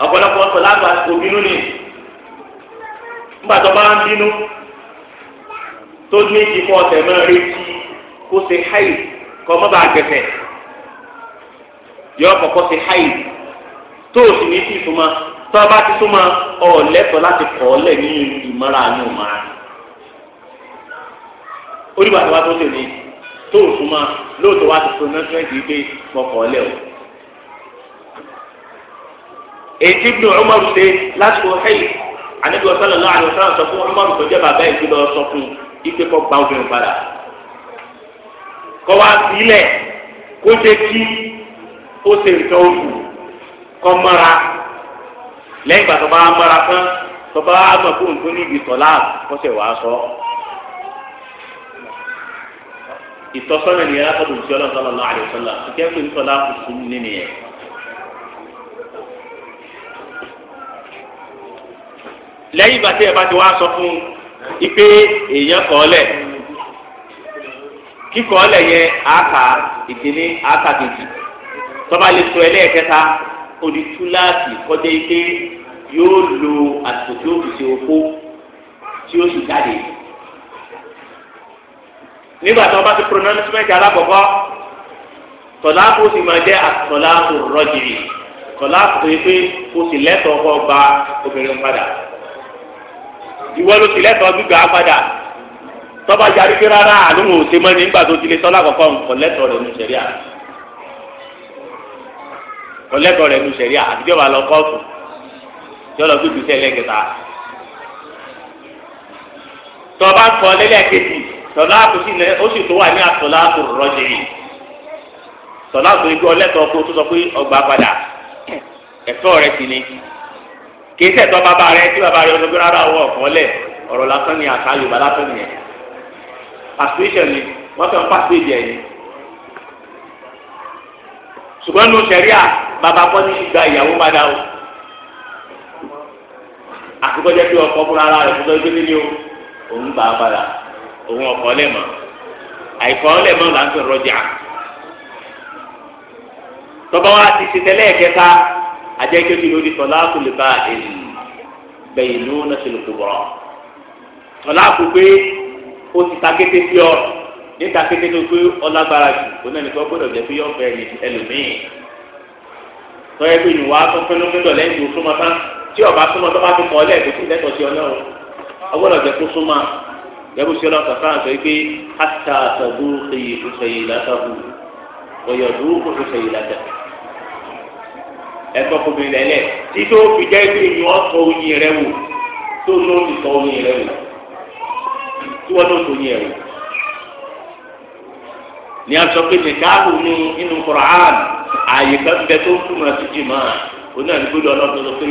ọ̀pọ̀lọpọ̀ tọ́lá gba òbínú ni ńgbàtọ́ bá ń bínú tó ní ìdìbò ọ̀tẹ̀ náà retí kó ṣe háì kọ́ mọ́ bá gbẹ̀fẹ̀ yọ ọkọ̀ kọ́ ṣe háì tó o sì ní sí ìfúnma tó o bá ti ọ lẹ́tọ̀ọ́ láti kọ́ ọ lẹ̀ ní ìmọ̀ra tó o súnmọ́ lóòótọ́ wá ti pronọ́símẹ́ǹtì gbé mọ́kàn lẹ̀ o. ètí ibùdó Umar ṣe lásìkò ẹ̀yìn àníbi ọ̀sánà náà àti ọ̀sánà sọ fún Umar tó jẹ́ bàbá ìlú lọ sọ fún ipe kọ́ gba obìnrin padà. kọ́ wá sílẹ̀ kó jẹ́ kí ó ṣe nǹkan oṣù kọ́ mọ́ra lẹ́yìn ìgbà tó bá mọ́ra tán tó bá mọ̀ kó nǹkan níbi sọ̀lá kọ́sẹ̀ wàá sọ ọ́ ìtọ́sọ́nà ni yàrá tọ́jú sí ọlọ́run sọ́lá náà àlẹ́ sọ́lá ìkẹ́kọ̀ọ́ ìtọ́lá kò sùn ní nìyẹn. lẹ́yìn ìgbà tí ẹ bá ti wá sọ fún ipe èèyàn kọ́ọ́lẹ̀ kíkọ́ọ́lẹ̀ yẹn àáka ìkíní àáka kejì tọ́ba lè sọ ẹlẹ́ẹ̀kẹta odi túláàsì kọjá ipe yóò lo àsìkò tí ó tí ó sì jáde nígbà tí wọ́n bá ti pronouncement alákọ̀ọ́kọ́ tọ́láàkù sì máa jẹ́ àtọ́láàkù rọ́jìrì tọ́láàkù tó yẹ pé o sì lẹ́tọ̀ọ́ kọ́ gba obìnrin padà ìwọ ló sì lẹ́tọ̀ọ́ gbígbà padà tọ́ba yarí pé rárá àlùmọ̀ òsè mọ́ nígbà tó ti lé tọ́lá kọ̀ọ̀kan kọ̀lẹ́tọ̀ rẹ̀ nù sẹ̀ríà kọ̀lẹ́tọ̀ rẹ̀ nù sẹ̀ríà àtijọba lọ kóòtù yọlọ gbígbì sẹ́lẹ̀ kẹta tọ́ba kọ́ lẹ́lẹ́kejì tọ́láàtù sì lẹ ó sì tó wà ní àtọ́láàtù rọ́jì yìí ibi ọlẹ́tọ̀ọ́ kó tó sọ pé ọgbà padà ẹ̀tọ́ rẹ sì ni kì í sẹ̀tọ́ bàbá rẹ tí bàbá rẹ ọdún gbé rárá ọwọ́ ọ̀kọ́lẹ̀ ọ̀rọ̀ lásán ni àṣà Yorùbá lásán ni wọ́n fẹ́ ṣùgbọ́n ní bàbá òun ọkọ lẹ mọ àìkọ lẹ mọ là ń pè rọjà tọba wa ti ṣe tẹlẹ kẹta ajẹkẹbi lórí tọlá kò lè ba èlù bẹyìn ló ń ṣe lóko bọrọ tọlá kò pé ó ti ta kété sí ọ níta kété tó pé ọlágbára jù kó náà nípa gbọ́dọ̀ jẹ pé yọ fẹ ẹlòmíì tọ́yẹ pé ìwà tó fẹ́nu fẹ́nu lẹ́yìn tó súnmọ́ tán tí ọba súnmọ́ tó bá ti kọ́ ọ lẹ́ẹ̀kọ́ sí ìlẹ́tọ̀ọ́ sí ọ náà ọgbọ́dọ̀ jẹ kó súnmọ́ yẹ́bù sí ọlọ́sọ̀ sáà sọ pé àtà àtàdú ṣèyí ṣèyí látàkù ọ̀yọ̀dú kò ṣèyí látàkù. ẹ̀kọ́ kòmí lẹ́lẹ̀ tí tó fi jẹ́ pé ìyẹn ọ̀sọ̀ oyin rẹ wò tó ló ti sọ oyin rẹ wò tí wọ́n ló sọ oyin rẹ wò. ní aṣọ pé nìkaahu ní inú Qur'an àyè kan bẹ tó túmọ̀ sí jìmọ̀ onáà ní gbọ́dọ̀ ọlọ́dún lọ pé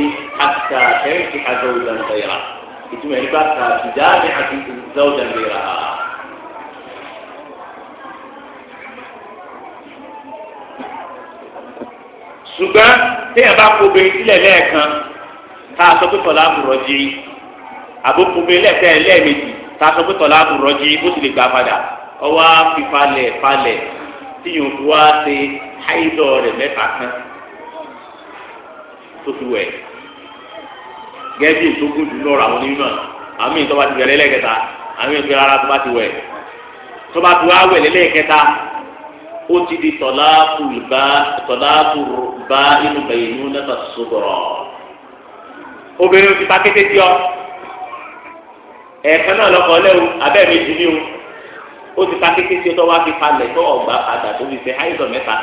àtà ẹ̀ ìtumọ̀ nípa kàtúndà ní àti ìzáwùjà lera. ṣùgbọ́n téèyàn bá kó obìnrin sílẹ̀ lẹ́ẹ̀kan tá a sọ pé tọ́lá àbúrò jí àbókù obìnrin lẹ́ẹ̀kẹ́ lẹ́ẹ̀mejì tá a sọ pé tọ́lá àbúrò jí bó ti lè gbà padà ọwọ́ fífalẹ̀ falẹ̀ tí yòó fi wá ṣe háìdọ̀ rẹ̀ mẹ́ta kan tó fi wẹ̀ gẹ́gẹ́ tó kú jù lọ́rọ̀ àwọn onímọ̀ àmì tó bá ti wẹ̀ lẹ́lẹ́kẹta àmì tó ara tó bá ti wẹ̀ tó bá ti wá wẹ̀ lẹ́lẹ́kẹta ó ti di tọ́láàtù bá inú bẹ̀yìnú lẹ́tà sọ̀rọ̀ obìnrin ti bá kété tí ọ ẹ̀ẹ̀kan náà lọ́kọ̀ lẹ́wọ̀ abẹ́ mi jù ní o ó ti bá kété tí ọ tó wá fi palẹ̀ tó ọ̀gbà padà tó fi fẹ́ àìsàn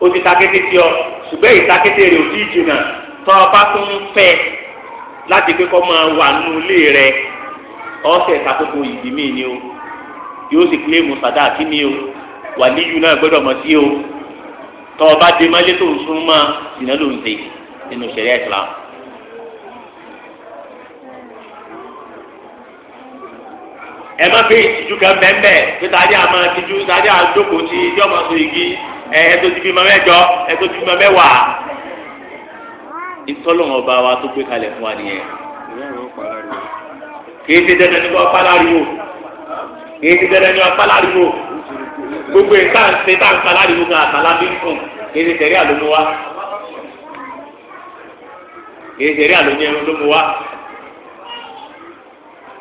o ti takété sí ọ ṣùgbọ́n ìtakété rẹ̀ ò tí ì jìnnà tọ́ ọ bá tún fẹ́ láti pé kọ́ máa wà nínú ilé rẹ ọ̀sẹ̀ ìtakókò ìdí mi ni o yóò sì kílé mùsàdá àti mi o wà níyù náà gbọ́dọ̀ mọ̀ sí o tọ́ ọ bá dé mọ́lé tó ń sún mọ́ ìnáwó ń ṣe nínú ṣẹ̀ríà Islam. ẹ má fi ìtìjú kan bẹ́ẹ̀ pé tàdí àmọ́ ìtìjú tàdí àjókòó ti tí ọmọ sọ igi ẹ tó ti bímọ mẹ́jọ ẹ tó ti bímọ mẹ́wàá. ìtọ́lọ́wọ́n ọba wa tó gbé kalẹ̀ fún wa nìyẹn. kì í ti dẹ́dẹ́ ní wọ́n pálárìwò kì í ti dẹ́dẹ́ ní wọ́n pálárìwò gbogbo ìta ń ṣe tá ń pálárìwò kan àtàlà bí ń fún kì í ti tẹ̀rí àlómi wa kì í tẹ̀rí àlómi ẹ̀rọ lómi wa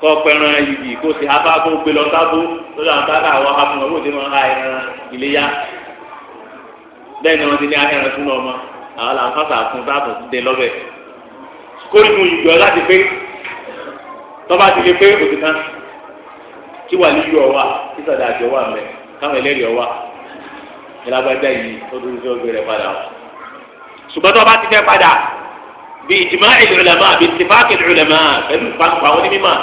kọ́ pẹ́ran igi kó sì abá kó gbé lọ sábó lọ́dọ̀ àwọn sábà àwọn afúnà owó tí wọ́n ra ẹran iléyà bẹ́ẹ̀ ni wọ́n ti ní ẹran fún ọmọ àwọn làwọn fásitì àtúntò àtúntò dé lọ́bẹ̀ kórìkùn ìgbọ́ láti pé tọ́ba ti lè pé òtítà tí wà níyù ọ̀wà tí sọ̀dà àti ọ̀wà mẹ́ káwọn ẹlẹ́rìí ọ̀wà ìlàgbàdà yìí ó dúró sí ọgbẹ́ rẹ̀ padà. ṣùgbọ́n tọ́ba ti fẹ́ padà bí ìjìmá ìlúlẹ̀mọ́ àbí ìtìfáàkì ìlúlẹ̀mọ́ pẹ̀lú ìfàkùn àwọn onímọ̀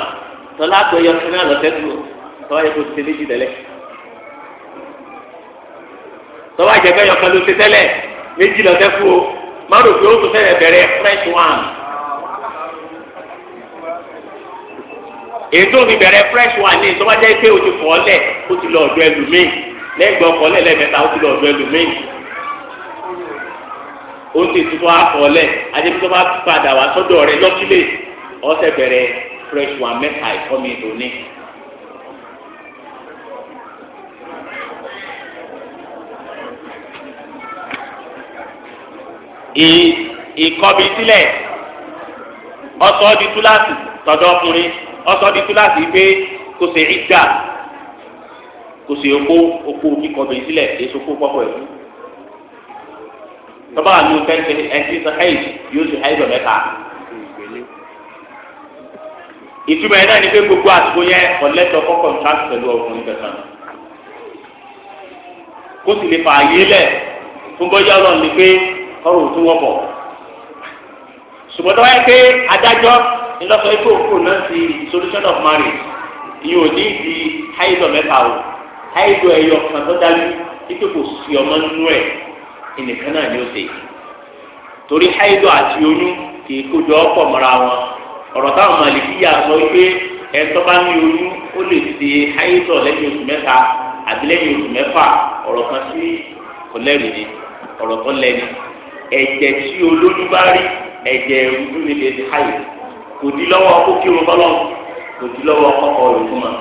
tọ́lá tó yọ sí náà lọ́tẹ́ tó tọ́wá yẹ kó ti méjì tẹ́lẹ̀ tọ́wá jẹ bẹ́ẹ̀ yọkan ló ti tẹ́lẹ̀ méjì lọ́tẹ́ fún o má rò pé ó tó fẹ́rẹ̀ bẹ̀rẹ̀ fresh one ètò mi bẹ̀rẹ̀ fresh one ní tọ́wá jẹ́ pé o ti fọ́ lẹ̀ o ti lọ ọ̀dọ̀ ẹlòmíì lẹ́gbẹ̀ẹ́ ọkọ̀ lẹ́lẹ́mẹ́ta o ti lọ ọ̀dọ̀ ẹlòmíì o ti tún wá kọ́ lẹ̀ adébítọ́ bá padà wá sọ́dọ̀ rẹ̀ lọ́kílẹ̀ ọ̀sẹ̀ bẹ̀rẹ̀ fresh one mẹ́ta ẹ̀kọ́ mi lóní. ìkọbi sílẹ̀ ọ̀sọ́ di túláàsì tọ̀dọ̀ ọkùnrin ọ̀sọ́ di túláàsì pé kò sí ìgbà kò sí oko oko kíkọbi sílẹ̀ èso kó pọ́pọ́ ẹ̀kú tọ́ba àlùfẹ́ ẹ̀sìn sọ ẹ̀yìn yóò sì ẹ̀yìn lọ mẹ́ta ìtumọ̀ yẹn náà ni pé gbogbo àsìkò yẹn ọ̀lẹ́tọ̀ kọ́kọ́ ntàkì pẹ̀lú ọkùnrin kẹsàn án kó sì lè fà yé lẹ̀ fún bọ́jà ọlọ́run ni pé ọrùn tún wọ́ bọ̀ ṣùgbọ́n tó wáyé pé adájọ́ ńlọ́sọ ikú òkú náà ti solution of marriage ìyẹn ò ní ìdí háìdọ̀ mẹ́ta o háìdọ̀ ẹ̀yọ kan tó dájú títí kò sí ọmọ nínú ẹ̀ ìnìkan náà ni ó ṣe torí háìdọ̀ àti oyún kì í kó jọ ọ́ pọ̀ ọ̀rọ̀ táwọn màlìkíyà sọ wípé ẹ̀tọ́ bá ní oyún ó lè ṣe háyétọ̀ lẹ́yìn oṣù mẹ́ta àbí lẹ́yìn oṣù mẹ́fà ọ̀rọ̀ kan sí kọlẹ́rìí ni ọ̀rọ̀ tó lẹ́ni ẹ̀jẹ̀ tí olóyún bá rí ẹ̀jẹ̀ ìrújú ni lè ṣe háyé kò di lọ́wọ́ kó kírun bọ́lọ́ kò di lọ́wọ́ kọ́kọ́ òyìnbó mọ́.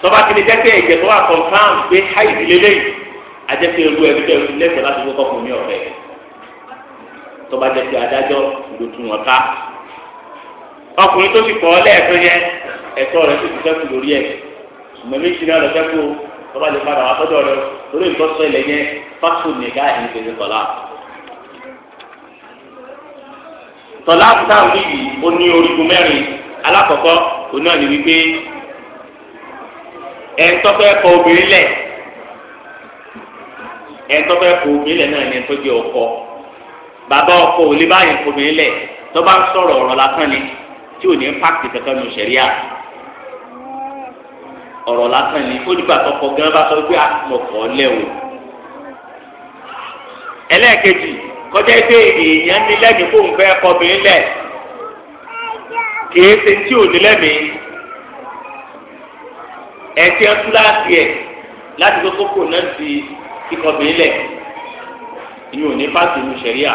tọ́ba kìíní jẹ́ pé ẹ̀jẹ̀ tó wà kọ̀ọ̀kan pé háyé ti lélẹ́yìn ajẹ́ pé olú ẹ̀dúgbẹ́ lẹ́sẹ̀ láti kọ́kọ́ fún mi ọ̀fẹ́ tọ́ba jẹ́ pé adájọ́ ló tún wọn ká ọkùnrin tó ti kọ́ ọ lẹ́ẹ̀kan yẹn ẹ̀tọ́ rẹ̀ sì ti fẹ́ kú lórí ẹ̀ ṣùgbọ́n méjì náà lọ fẹ́ kú tọ́ba lè padà wá sọ́dọ̀ rẹ̀ lórí nǹkan sọ ilẹ̀ yẹn fásitì nìga ìgbèrè tọ́lá. tọ́lá táwọn yìí ó ní orígun mẹ́rin alákọ̀ọ́kọ́ òun náà ní wípé ẹ̀ńtọ́fẹ́ kọ obìnrin lẹ̀ ẹ̀ńtọ́fẹ́ kọ obìnrin lẹ̀ náà ní ẹ̀ńtọ́jẹ́ ọkọ bàbá ọkọ ò lè báyìí fòmìnir lẹ̀ tó bá ń sọ̀rọ̀ ọ̀rọ̀ lásán ni tí ò ní pàkì kankan nù sẹ̀ríà ọ̀rọ̀ lásán ni ó dìgbà tọkọ gan bá sọ pé àtúmọ̀kọ́ ah, lẹ̀ o. ẹlẹ́ẹ̀kejì kọjá pé èèyàn ní lẹ́mìí kó ń fẹ́ kọbìnrin lẹ̀ kìí ṣe tí ò ní lẹ́mìí ẹtí ọtún láti ẹ̀ láti kókó kò náà ti kíkọbìnrin lẹ̀ ìyóò ní pàṣẹ nù sẹ̀ríà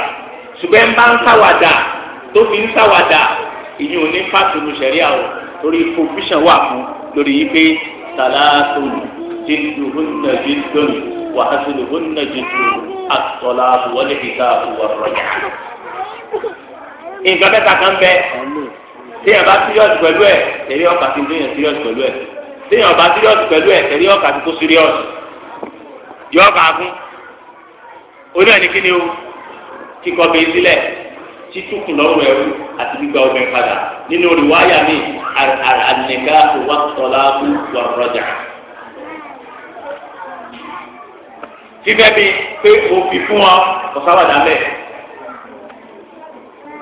ṣùgbọ́n ń bá ń ṣàwàdà tó fi ń ṣàwàdà ìyẹn ò ní fàtúrú sẹ̀ríà o torí provision wà fún lórí yìí pé sàlátùn jìndùhùn náà jìndùn wà á sùlùhùn náà jìndùn àtọ̀là wọlé ìta wọ̀rọ̀yà. nǹkan mẹ́ta kan bẹ téèyàn bá serious pẹ̀lú ẹ̀ tẹ̀lé ọkà tí téèyàn serious pẹ̀lú ẹ̀ téèyàn bá serious pẹ̀lú ẹ̀ tẹ̀lé ọkà tí kò serious yọ ọkà fún oní ẹ̀ ní kíni o kíkọ́ bẹ́ẹ̀ sílẹ̀ títúkù lọ́rùn ẹrú àti gbígba obìnrin padà nínú rìwáyà mi ànìká wà tọ́láàbù wà rọ́jà. fífẹ́ mi pé òfin fún ọ ọ̀sáwàdà bẹ́ẹ̀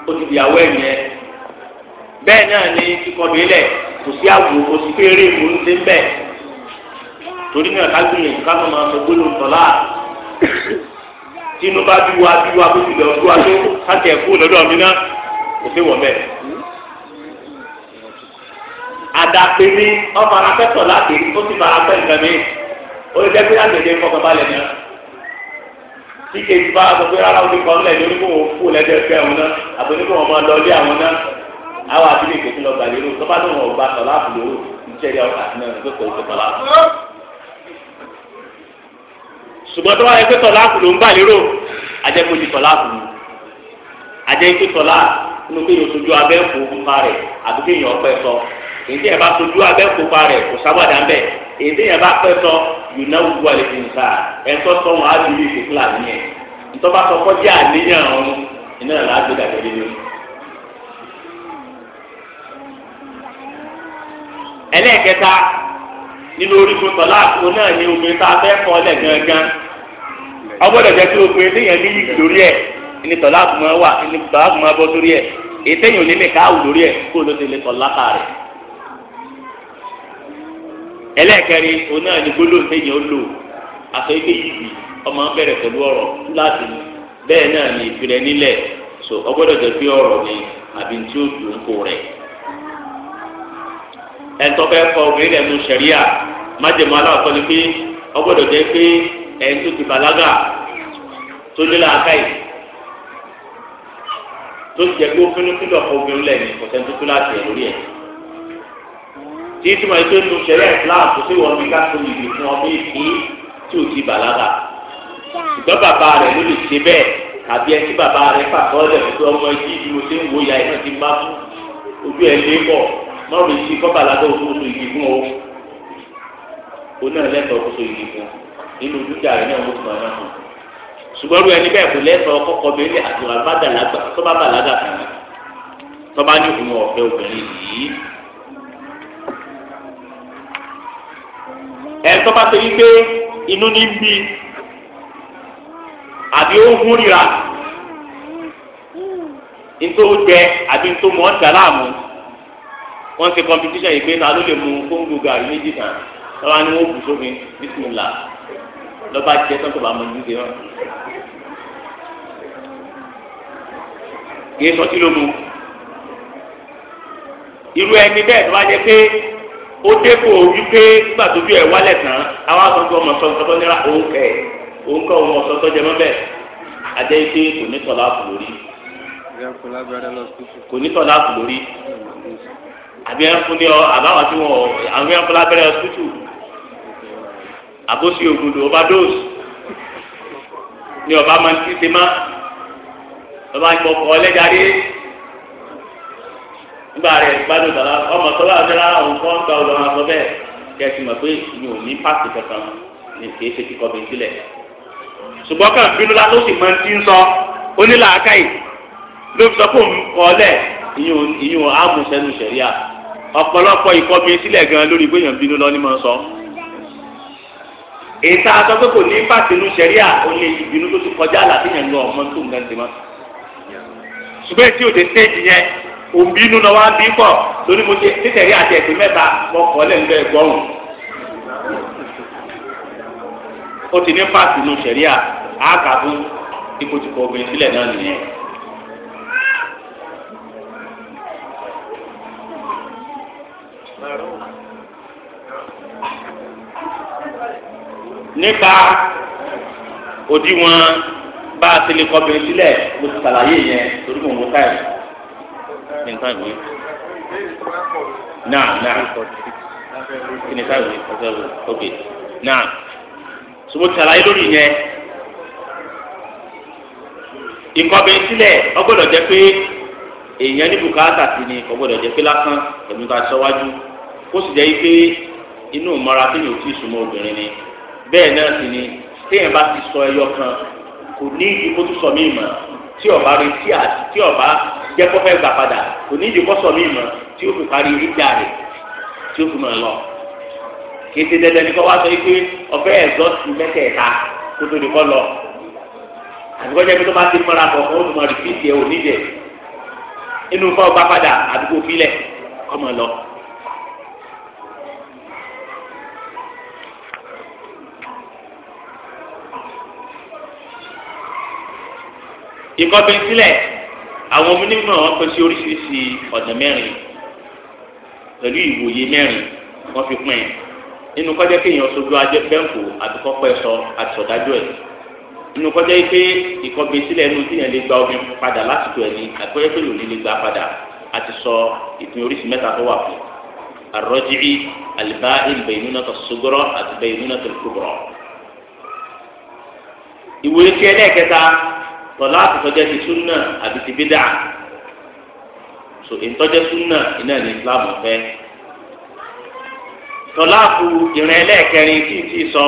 ó ti dìyàwó ẹ̀ yẹn bẹ́ẹ̀ náà ni kíkọ́ bẹ́ẹ̀ lẹ̀ kò sí àwò kò sí péré mò ń dé bẹ́ẹ̀ torí náà ká gbìyànjú ká má máa sọ gbólóhùn tọ́lá inú bá bí wa bí wa bó tilẹ̀ ọdún wa tó káàkì ẹ̀fọ́ lọ́dọ̀ mi náà kò sí wọ̀ bẹ́ẹ̀. àdàpè ni ọmọ akẹ́kọ̀ọ́ láti ó ti máa pẹ́ nǹkan mi ó lè jẹ́ pé àgbèdè fọkàn balẹ̀ náà tíkẹ́ ti bá sọ pé rárá omi kan lẹ̀ lórí kó wọn fún lẹ́dẹ̀ẹ́ fẹ́ wọn náà àbò nígbà wọn máa lọ ilé àwọn náà àwọn àbílẹ̀ ìgbésí lọ gbàlérò tó bá lóun ọ̀gbà sọ̀lá àbúlò ìṣẹ̀lẹ̀ ọ̀gá àti náà ṣùgbọ́n tó bá yẹ pé tọ́láàkù ló ń gbà lérò ajẹ́ kó di tọ́láàkù ni ajẹ́ pé tọ́láàkù nínú kéèyàn sojú abẹ́ kó pupa rẹ̀ àbí kéèyàn ọpẹ́ sọ èdè yẹn bá sojú abẹ́ pupa rẹ̀ kò sábàdà ń bẹ̀ èdè yẹn bá pẹ́ sọ yùnà wù alẹ́ fi nìta ẹ̀ńtọ́ sọ wọn á di ilé ìfẹ́ fúlàní yẹn ntọ́ba sọ kọjá àníyàn ọ̀run iná là á gbé dàgbẹ́ lé lórí. ẹlẹ́ẹ̀kẹta nínú orísun tọ́lá náà ni obìnrin tá a fẹ́ kọ́ ọ́lẹ̀ gangan ọgbọ́dọ̀ jẹ́ kí obìnrin téèyàn ní yìí lórí ẹ̀ ní tọ́lá àpò máa wà ní tọ́lá àpò máa bọ́ sórí ẹ̀ èyí ní nìka àwù lórí ẹ̀ kó ló ti lè tọ́lá kà rẹ̀. ẹlẹ́ẹ̀kẹrin òun náà ni gbólóhùn téèyàn ó lò àtọ́ ilé yìí ọmọ bẹ̀rẹ̀ pẹ̀lú ọ̀rọ̀ láti bẹ́ẹ̀ náà ni ìfirẹ́ nílẹ̀ so ọgbọ́dọ̀ jẹ́ pé ọ̀rọ̀ ni àbí tí ó ẹ̀ńtọ́ fẹ́ kọ obìnrin rẹ̀ nu sẹ̀ríà májèmọ́ aláwọ̀kọ́ ni pé ọgbọ́dọ̀ jẹ́ pé ẹ̀ńtú ti bàlágà tó lé làákàyè tó ti jẹ́ pé ó fínú fínú ọkọ̀ obìnrin lẹ̀ ní kọ̀tẹ́ tuntun láti ẹ̀ lórí ẹ̀. tí túmọ̀ ètò nu sẹ̀ríà Islam kò sí wọn bí ká tó yìí fún ọmọ ìdí tí ò ti bàlágà ṣùgbọ́n bàbá rẹ̀ ló lè ṣe bẹ́ẹ̀ àbí ẹ tí bàbá rẹ̀ pàtó ọ̀lẹ̀ fún ọmọ ẹjí ìdúró tí ń wo ìyá ẹ̀ náà ti má fún ojú ẹ̀ lé bọ̀ lọ́ọ̀rù yìí kọ́ba ládọ́ òkúso igi fún o o náà lẹ́tọ̀ọ́ òkúso igi fún nínú dúkìá rẹ̀ náà mo sọ ọ́nà fún ṣùgbọ́n rú ẹni bẹ́ẹ̀ kò lẹ́tọ̀ọ́ kọ́kọ́ bẹ́ẹ̀ àtúwà bàdà lágbà tọ́ba bà lágbà fún mi tọ́ba ní òun ọ̀fẹ́ obìnrin yìí. ẹ̀ tọ́ba ṣe wípé inú ní bí àbí ó ń húnra ntó jẹ àbí ntó mọ̀ ọ́ wọ́n ṣe competition yìí pé ta ló lè mu kóńgò gàrí méjì kan lọ́wọ́ ni wọ́n bù sófin bísímìlà lọ́ba jẹ́ tó bá mọ ojúṣe wọn. kìí sọ sí ló mu irú ẹni bẹ́ẹ̀ tó bá jẹ́ pé ó dépò wípé nígbà tó bí ẹ̀ wálẹ̀ tán àwọn akọ̀ǹkọ̀ ọmọ sọ nǹkan tó nira òun kẹ̀ òun kọ̀ ọmọ sọ tó jẹ mọ́ bẹ́ẹ̀ àjẹ́ ike kò ní tọ̀lá kù lórí kò ní tọ̀lá kù lórí àbí ẹnfun ní ọ àbáwọn tí wọn àwọn ẹnfun lábẹ́rẹ́ ọsítù àbóṣe ògùn lò ọba dóòsì ní ọba máa ń tí ṣe má ọba ìpọkọ ọlẹ́jàre nígbà rẹ̀ gbádùn dàrá ọmọ sọlá ọ̀dẹ́rà òun kọ́ ń gba ọlọ́run àtọ́ bẹ́ẹ̀ kí ẹ ti mọ̀ pé mi ò ní pàṣẹ kankan ní kì í ṣe kíkọ́ mi sílẹ̀ ṣùgbọ́n kàn bínú la ló sì máa ń tí ń sọ onílàákàyè ló fi sọ fún mi kọ́ ọ ìyún ìyún àmùsẹ́nu ṣẹ̀ríà ọ̀pọ̀lọpọ̀ ìkọbi sílẹ̀ gan lórí pé èèyàn bínú lọ ní máa sọ. ìta sọ pé kò ní bàtínú sẹ́ríà ó lè ìbínú tó ti kọjá àlàfíyàn lọ ọmọ tó nǹkan ti mọ́. ṣùgbọ́n ètí òde stéèjì yẹn òbínú náà wá bí pọ̀ lórí mo ṣe títẹ̀rí àti ẹ̀sìn mẹ́ta wọ́n kọ́ lẹ́nu bẹ́ẹ̀ gbọ́rùn. ó ti ní bàtínú sẹ́ríà àákà fún ipò tìkọ̀ obìnrin sílẹ̀ náà nìyẹn. nípa òdiwọ̀n bá a ti lè kọbìnrin sílẹ̀ mo ti ṣàlàyé yẹn torí mo mú táyì ní nǹkan ìwé náà náà kí ni táyì ọ̀sẹ̀ rẹ̀ ok náà so mo ti ṣàlàyé lórí yẹn ìkọbìnrin sílẹ̀ ọgbọ́dọ̀ jẹ́ pé èèyàn ní bùkátà sí ni ọgbọ́dọ̀ jẹ́ pé lásán ẹ̀mí ta ṣọ́wájú kó sì jẹ́ pé inú ìmọ̀ra tí mi ò tí ì súnmọ́ obìnrin ni bẹ́ẹ̀ náà sì ni téèyàn bá ti sọ ẹyọ kan kò ní ìdí kó tún sọ mí mọ́ tí ọba rí tí àti tí ọba jẹ́ kó fẹ́ gbà padà kò ní ìdí kó sọ mí mọ́ tí ó fi parí ìjà rẹ̀ tí ó fi mọ̀ lọ. kété dandan ni kó wá sọ pé ọ̀fẹ́ ẹ̀zọ́ ti mẹ́tẹ̀ẹ̀ta kó tó ní kó lọ. àbíkọ́ jẹ́ pé tó bá ti mọ́ra bọ̀ kó tó mọ̀ rí fíìsì ẹ̀ òní jẹ inú fọ́ gbà padà àdúgbò fílẹ̀ kó mọ̀ lọ. ìkọ́bí sílẹ̀ àwọn onímọ̀ wọn pèsè oríṣiríṣi ọ̀nà mẹ́rin pẹ̀lú ìwòye mẹ́rin wọ́n fi pín in nínú kọjá kéèyàn sojú ajé bẹ́ǹkù àtikọ́pẹ́ sọ àtisọ̀dájọ́ ẹ̀ nínú kọjá yìí pé ìkọ́bí sílẹ̀ inú tíyẹn lè gba omi padà lásìkò ẹ̀ní àkọ́yẹ́ pé lòlí lè gba padà àti sọ ìpín oríṣi mẹ́ta tó wà fún arọ́jìí alibáhìn bẹ̀yìnúnàtò sugurọ̀ àti bẹ̀yìnúnàtò kúbọ̀rọ̀ ìwòye tiẹ̀ lẹ́ẹ̀kẹta sọlá àtìtọ́jẹ́ ti súnà àbí ti bídà so ìtọ́jẹ́ súnà iná ní islam fẹ́ sọlá àpò ìrìn ẹlẹ́ẹ̀kẹrin tí ì tí ì sọ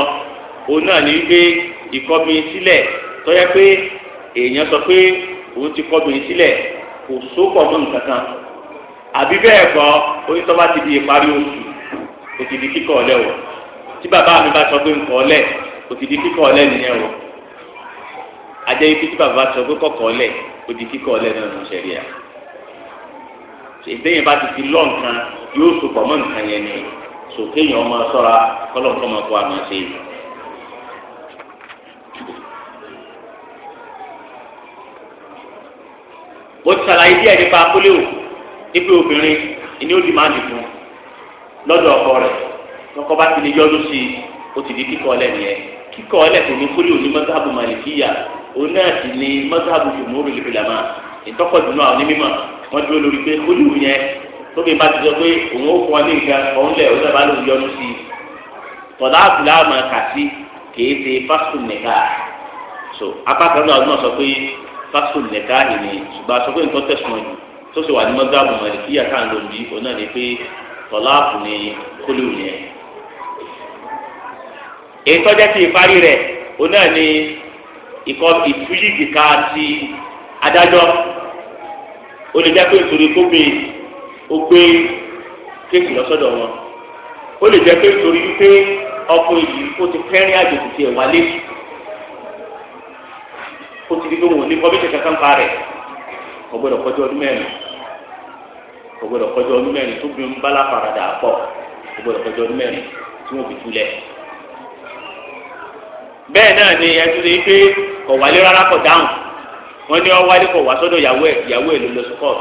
òun náà ní wípé ìkọ́mi sílẹ̀ tọ́jẹ́ pé èèyàn sọ pé òun ti kọ́mi sílẹ̀ kò sókọ̀ mọ́ nǹkan kan àbí bẹ́ẹ̀ kọ́ onítọ́ba ti di ìparí oṣù kò ti di kíkọ́ ọ̀lẹ́ o tí bàbá mi bá sọ pé nǹkan ọ̀lẹ́ kò ti di kíkọ́ ọ̀lẹ́ nìyẹn o ajẹ́ ibi tí bàbá sọ pé kọ̀kọ́ lẹ̀ ó di kíkọ́ lẹ̀ náà ló ń ṣẹlẹ̀ à. ìdẹ́yìn bá ti fi lọ́ nǹkan yóò so pọ̀ mọ́ nǹkan yẹn ni sòkè yẹn ọmọ sọ́ra kọ́lọ̀ kọ́mọ kó àmọ́ ṣe. mo ti ṣàlàyé díẹ̀ nípa akólé o nípa obìnrin ìní ó di máa nìkan lọ́dọ̀ ọkọ rẹ̀ lọ́kọ́ bá ti lè yọ́dún sí i ó ti di kíkọ́ lẹ̀ nìyẹn kíkọ́ lẹ̀ kò ní kólé òní mọ́tò àbùmọ̀lì kíyà òun náà sì ni mọ́sáàbù jùmúrù ìlànà ìtọ́kọ̀ jùlọ àwọn onímọ̀ wọ́n dúró lórí pé olú yẹn tóbi bá ti sọ pé òun ó fún ọ ní nǹkan ọ̀hún lẹ̀ òun náà bá lòun yọnu sí i tọ̀dá àbúlá àmọ́ kàtí kìí ṣe fásitì nìka so apákan náà ọdún sọ pé fásitì nìka yìí ni ṣùgbọ́n aṣọ pé nǹkan tẹ̀sán jù tó sì wà ní mọ́sáàbù mọ̀ kí yàtá ń lò ní òun náà ni pé tọ̀láàpù ni ìkọ́ ìtúyì kìka ti adájọ́ ó lè jẹ́ pé nítorí kóbi ó gbé kéèkì lọ́sọ̀dọ̀ wọn ó lè jẹ́ pé nítorí wípé ọkọ yìí ó ti fẹ́rẹ́ àjòjì tiẹ̀ wálé ó ti di pé wọn ò ní kọ́ bí ṣe kankan pa rẹ̀ kò gbọ́dọ̀ kọjú ọdún mẹ́rin kò gbọ́dọ̀ kọjú ọdún mẹ́rin tó bí ń bá láfaradà pọ̀ kò gbọ́dọ̀ kọjú ọdún mẹ́rin tí wọ́n fi túlẹ̀ bẹ́ẹ̀ náà ni ẹtú rí pé kò wálé rárá kò dáhùn wọ́n ní ọ wálé kò wá sọ́dọ̀ yàwó ẹ̀ yàwó ẹ̀ ló lọ sọ́kọ̀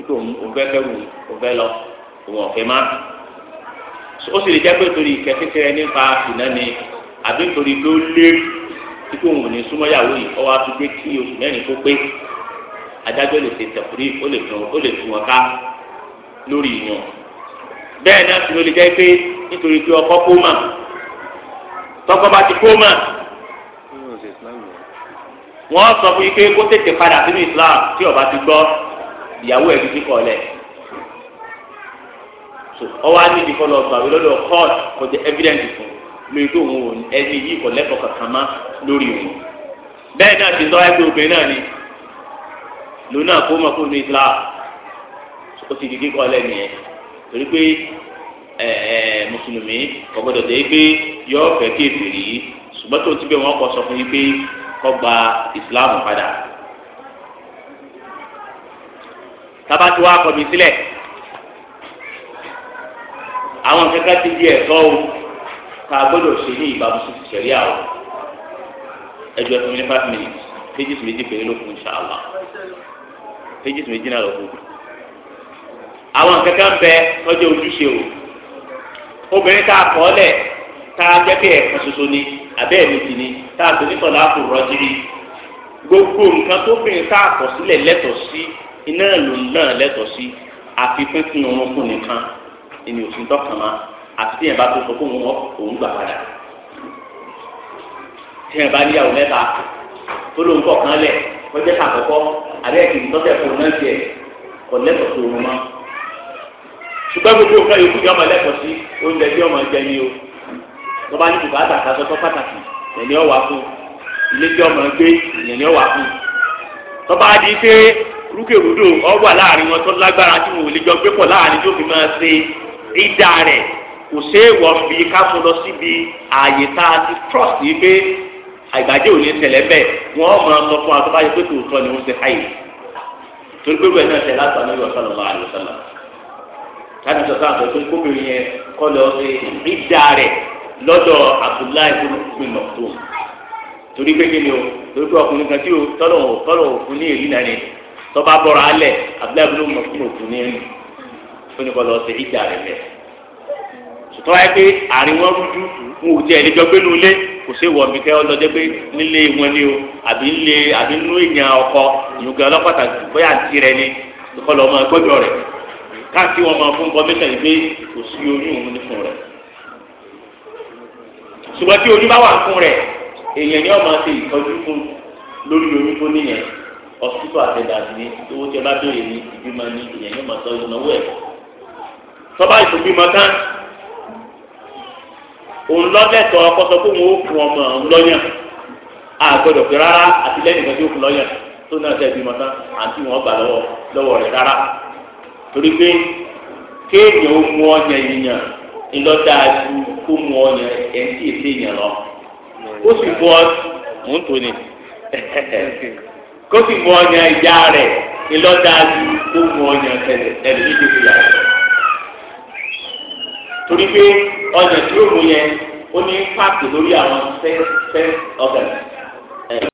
ipò òfẹ́ kẹrù òfẹ́ lọ òun ọ̀fẹ́ má ó sì lè jẹ́ pé torí ìkẹ́ kékeré nípa ìná ni àbí torí ló lé ipò òun ní súnmọ́ yàwó yìí ọwọ́ àtúgbé kí oṣù mẹ́rin tó pé adájọ́ lè ṣe tẹ̀kùrí ó lè tún wọn ká lórí ìyàn bẹ́ẹ̀ náà sì ló lè jẹ́ pé nítorí pé ọkọ kó mà tọkọ bá ti kó mà wọ́n sọ fún yín pé kó tètè padà sínú Islam tí ọba ti gbọ́ ìyàwó ẹ̀ dídí kọ́ lẹ̀ ọwọ́ á ní ìdí kọ́ lọ gbàwé lọ́dọ̀ court kò jẹ́ evidence fún lórí tó òun ẹni yìí kò lẹ́kọ̀ọ́ kankan má lórí òun bẹ́ẹ̀ náà ti sọ ẹgbẹ́ obìnrin náà ni lòun náà kó mọ̀ kó ní Islam ó ti di kíkọ́ lẹ́nu yẹn torí pé ẹ̀ẹ́ mùsùlùmí kò gbọ́dọ̀ dé pé yọ ọ̀fẹ́ kéèfèrè yìí ṣùgbọ́n tó ti bẹ̀ wọ́n kọ́ sọ fún yín pé kọgbà ìsìláàmù padà tabati wa kọmi sílẹ̀ àwọn kankan ti di ẹ̀tọ́ o ká gbọ́dọ̀ ṣe ní ìbámu sí sẹríà o ẹjọ́ fún mi ní five minutes pages méjì péré ló fún ṣàlá pages méjì náà ló fún àwọn kankan bẹ tọjú ojúṣe o obìnrin tá a kọ́ lẹ̀ tá a jẹ́ pé ẹ̀kan ṣoṣo ni abẹ́ẹ̀ méjì ni tá a pè ní tọ̀lá kò rọ́jìrì gbogbo nǹkan tó fi ń káàkọ̀ sílẹ̀ lẹ́tọ̀ọ́ sí iná ìlú náà lẹ́tọ̀ọ́ sí àfi pínpín oorun fún nìkan ẹni òsì tọkàn máa àti tí yẹn bá tó sọ fún wọn òun gbà padà tí yẹn bá níyàwó mẹ́ta tó ló ń bọ̀ kán lẹ̀ lọ́jọ́ àkọ́kọ́ àbẹ́ ẹ̀kìtì tọ́tẹ̀ fún náà tiẹ̀ kò lẹ́tọ̀ọ́ sí oorun mọ́ ṣùgbọ́n gbogbo nǹkan yòókù yọmọ lẹ́tọ̀ọ́ sí oúnjẹ tí ọmọ jẹ ní o lọ́ba ìyẹn ni ó wà fún ilé tí ọmọ gbé ìyẹn ni ó wà fún tọ́ba di pé rúkèrúdò ọ wà láàrin wọn tó lágbára tí wọn ò lè jọ gbé pọ̀ láàrin tó fi máa ṣe ìdá rẹ̀ kò séèwọ̀ fi ká tó lọ síbi ààyè tá a ti trust yìí pé àgbàjẹ́ ò ní ṣẹlẹ̀ bẹ́ẹ̀ wọ́n máa sọ fún àtọ́bá yìí pé tòótọ́ ni wọ́n ṣe háyè torí pé bẹ́ẹ̀ náà ṣe láti àná yọ sọ́nà máa lọ sọ́nà láti sọ sáà tó kóbìnrin yẹn kọ́ lọ sí ìdá rẹ̀ lọ́dọ̀ abdullahi tó fi nà tó torí pé kíni o torí pé ọkùnrin kan tí o tọ́lọ̀ o tọ́lọ̀ o fún ní èyí náà ni tọ́ba bọ̀rọ̀ alẹ̀ abdullahi tó fi nà tó fún ní ẹnu fún ní kọlọ ṣe ìjà rẹ̀ lẹ̀ sùtọ́ wáyé pé àárín wọn rújú wọn ò jẹ́ ẹ̀lẹ́jọ́ pé nulẹ̀ kò sí wọ̀ mí kẹ́ ọlọ́jẹ́ pé nílé wọn ni o àbí nílé àbí nínú èèyàn ọkọ ìyókè ọlọ́pàá bóyá àti rẹ ni kọlọ ọmọ ẹgbẹ́jọ rẹ̀ káàkiri wọn máa fún kọmíṣọ̀ yìí pé kò sí oyún òun ní fún rẹ̀ ṣùgbọ́n tí oyún bá wà fún rẹ̀ èèyàn ni ọmọ ṣe ìtọ́jú fún lórí oyún tó níyẹn ọsibítù àtẹ̀dàdì ni owó tí a bá béèrè ní ìbímọ ní èèyàn yóò máa tọ́ ìnáwó ẹ̀ tọ́ba ìfòbímọ tán òun lọ́lẹ́tọ̀ ọkọ sọ pé òun ó fún ọmọ òun lọ́yàn àgbọ̀dọ̀ pé rárá àti lẹ́yìn kan tí ó fún lọ́yàn tó náà tẹ̀ bímọ tán àti wọn gbà lọ́wọ́ rẹ̀ rárá torí pé kéèyàn ó mú ọyàn ńlọ́dà ju kó mu ọ yẹn ẹ̀ńtì èsè yẹn lọ kó sì mú ọ mú tó ni kó sì mú ọ yẹn ìyá rẹ̀ ńlọ́dà ju kó mu ọ yẹn ẹ̀rẹ̀ ní ìdíje yàrá torí pé ọ̀nà tí ó mu yẹn ó ní pàtó lórí àwọn fẹ́ fẹ́ ọ̀gànà.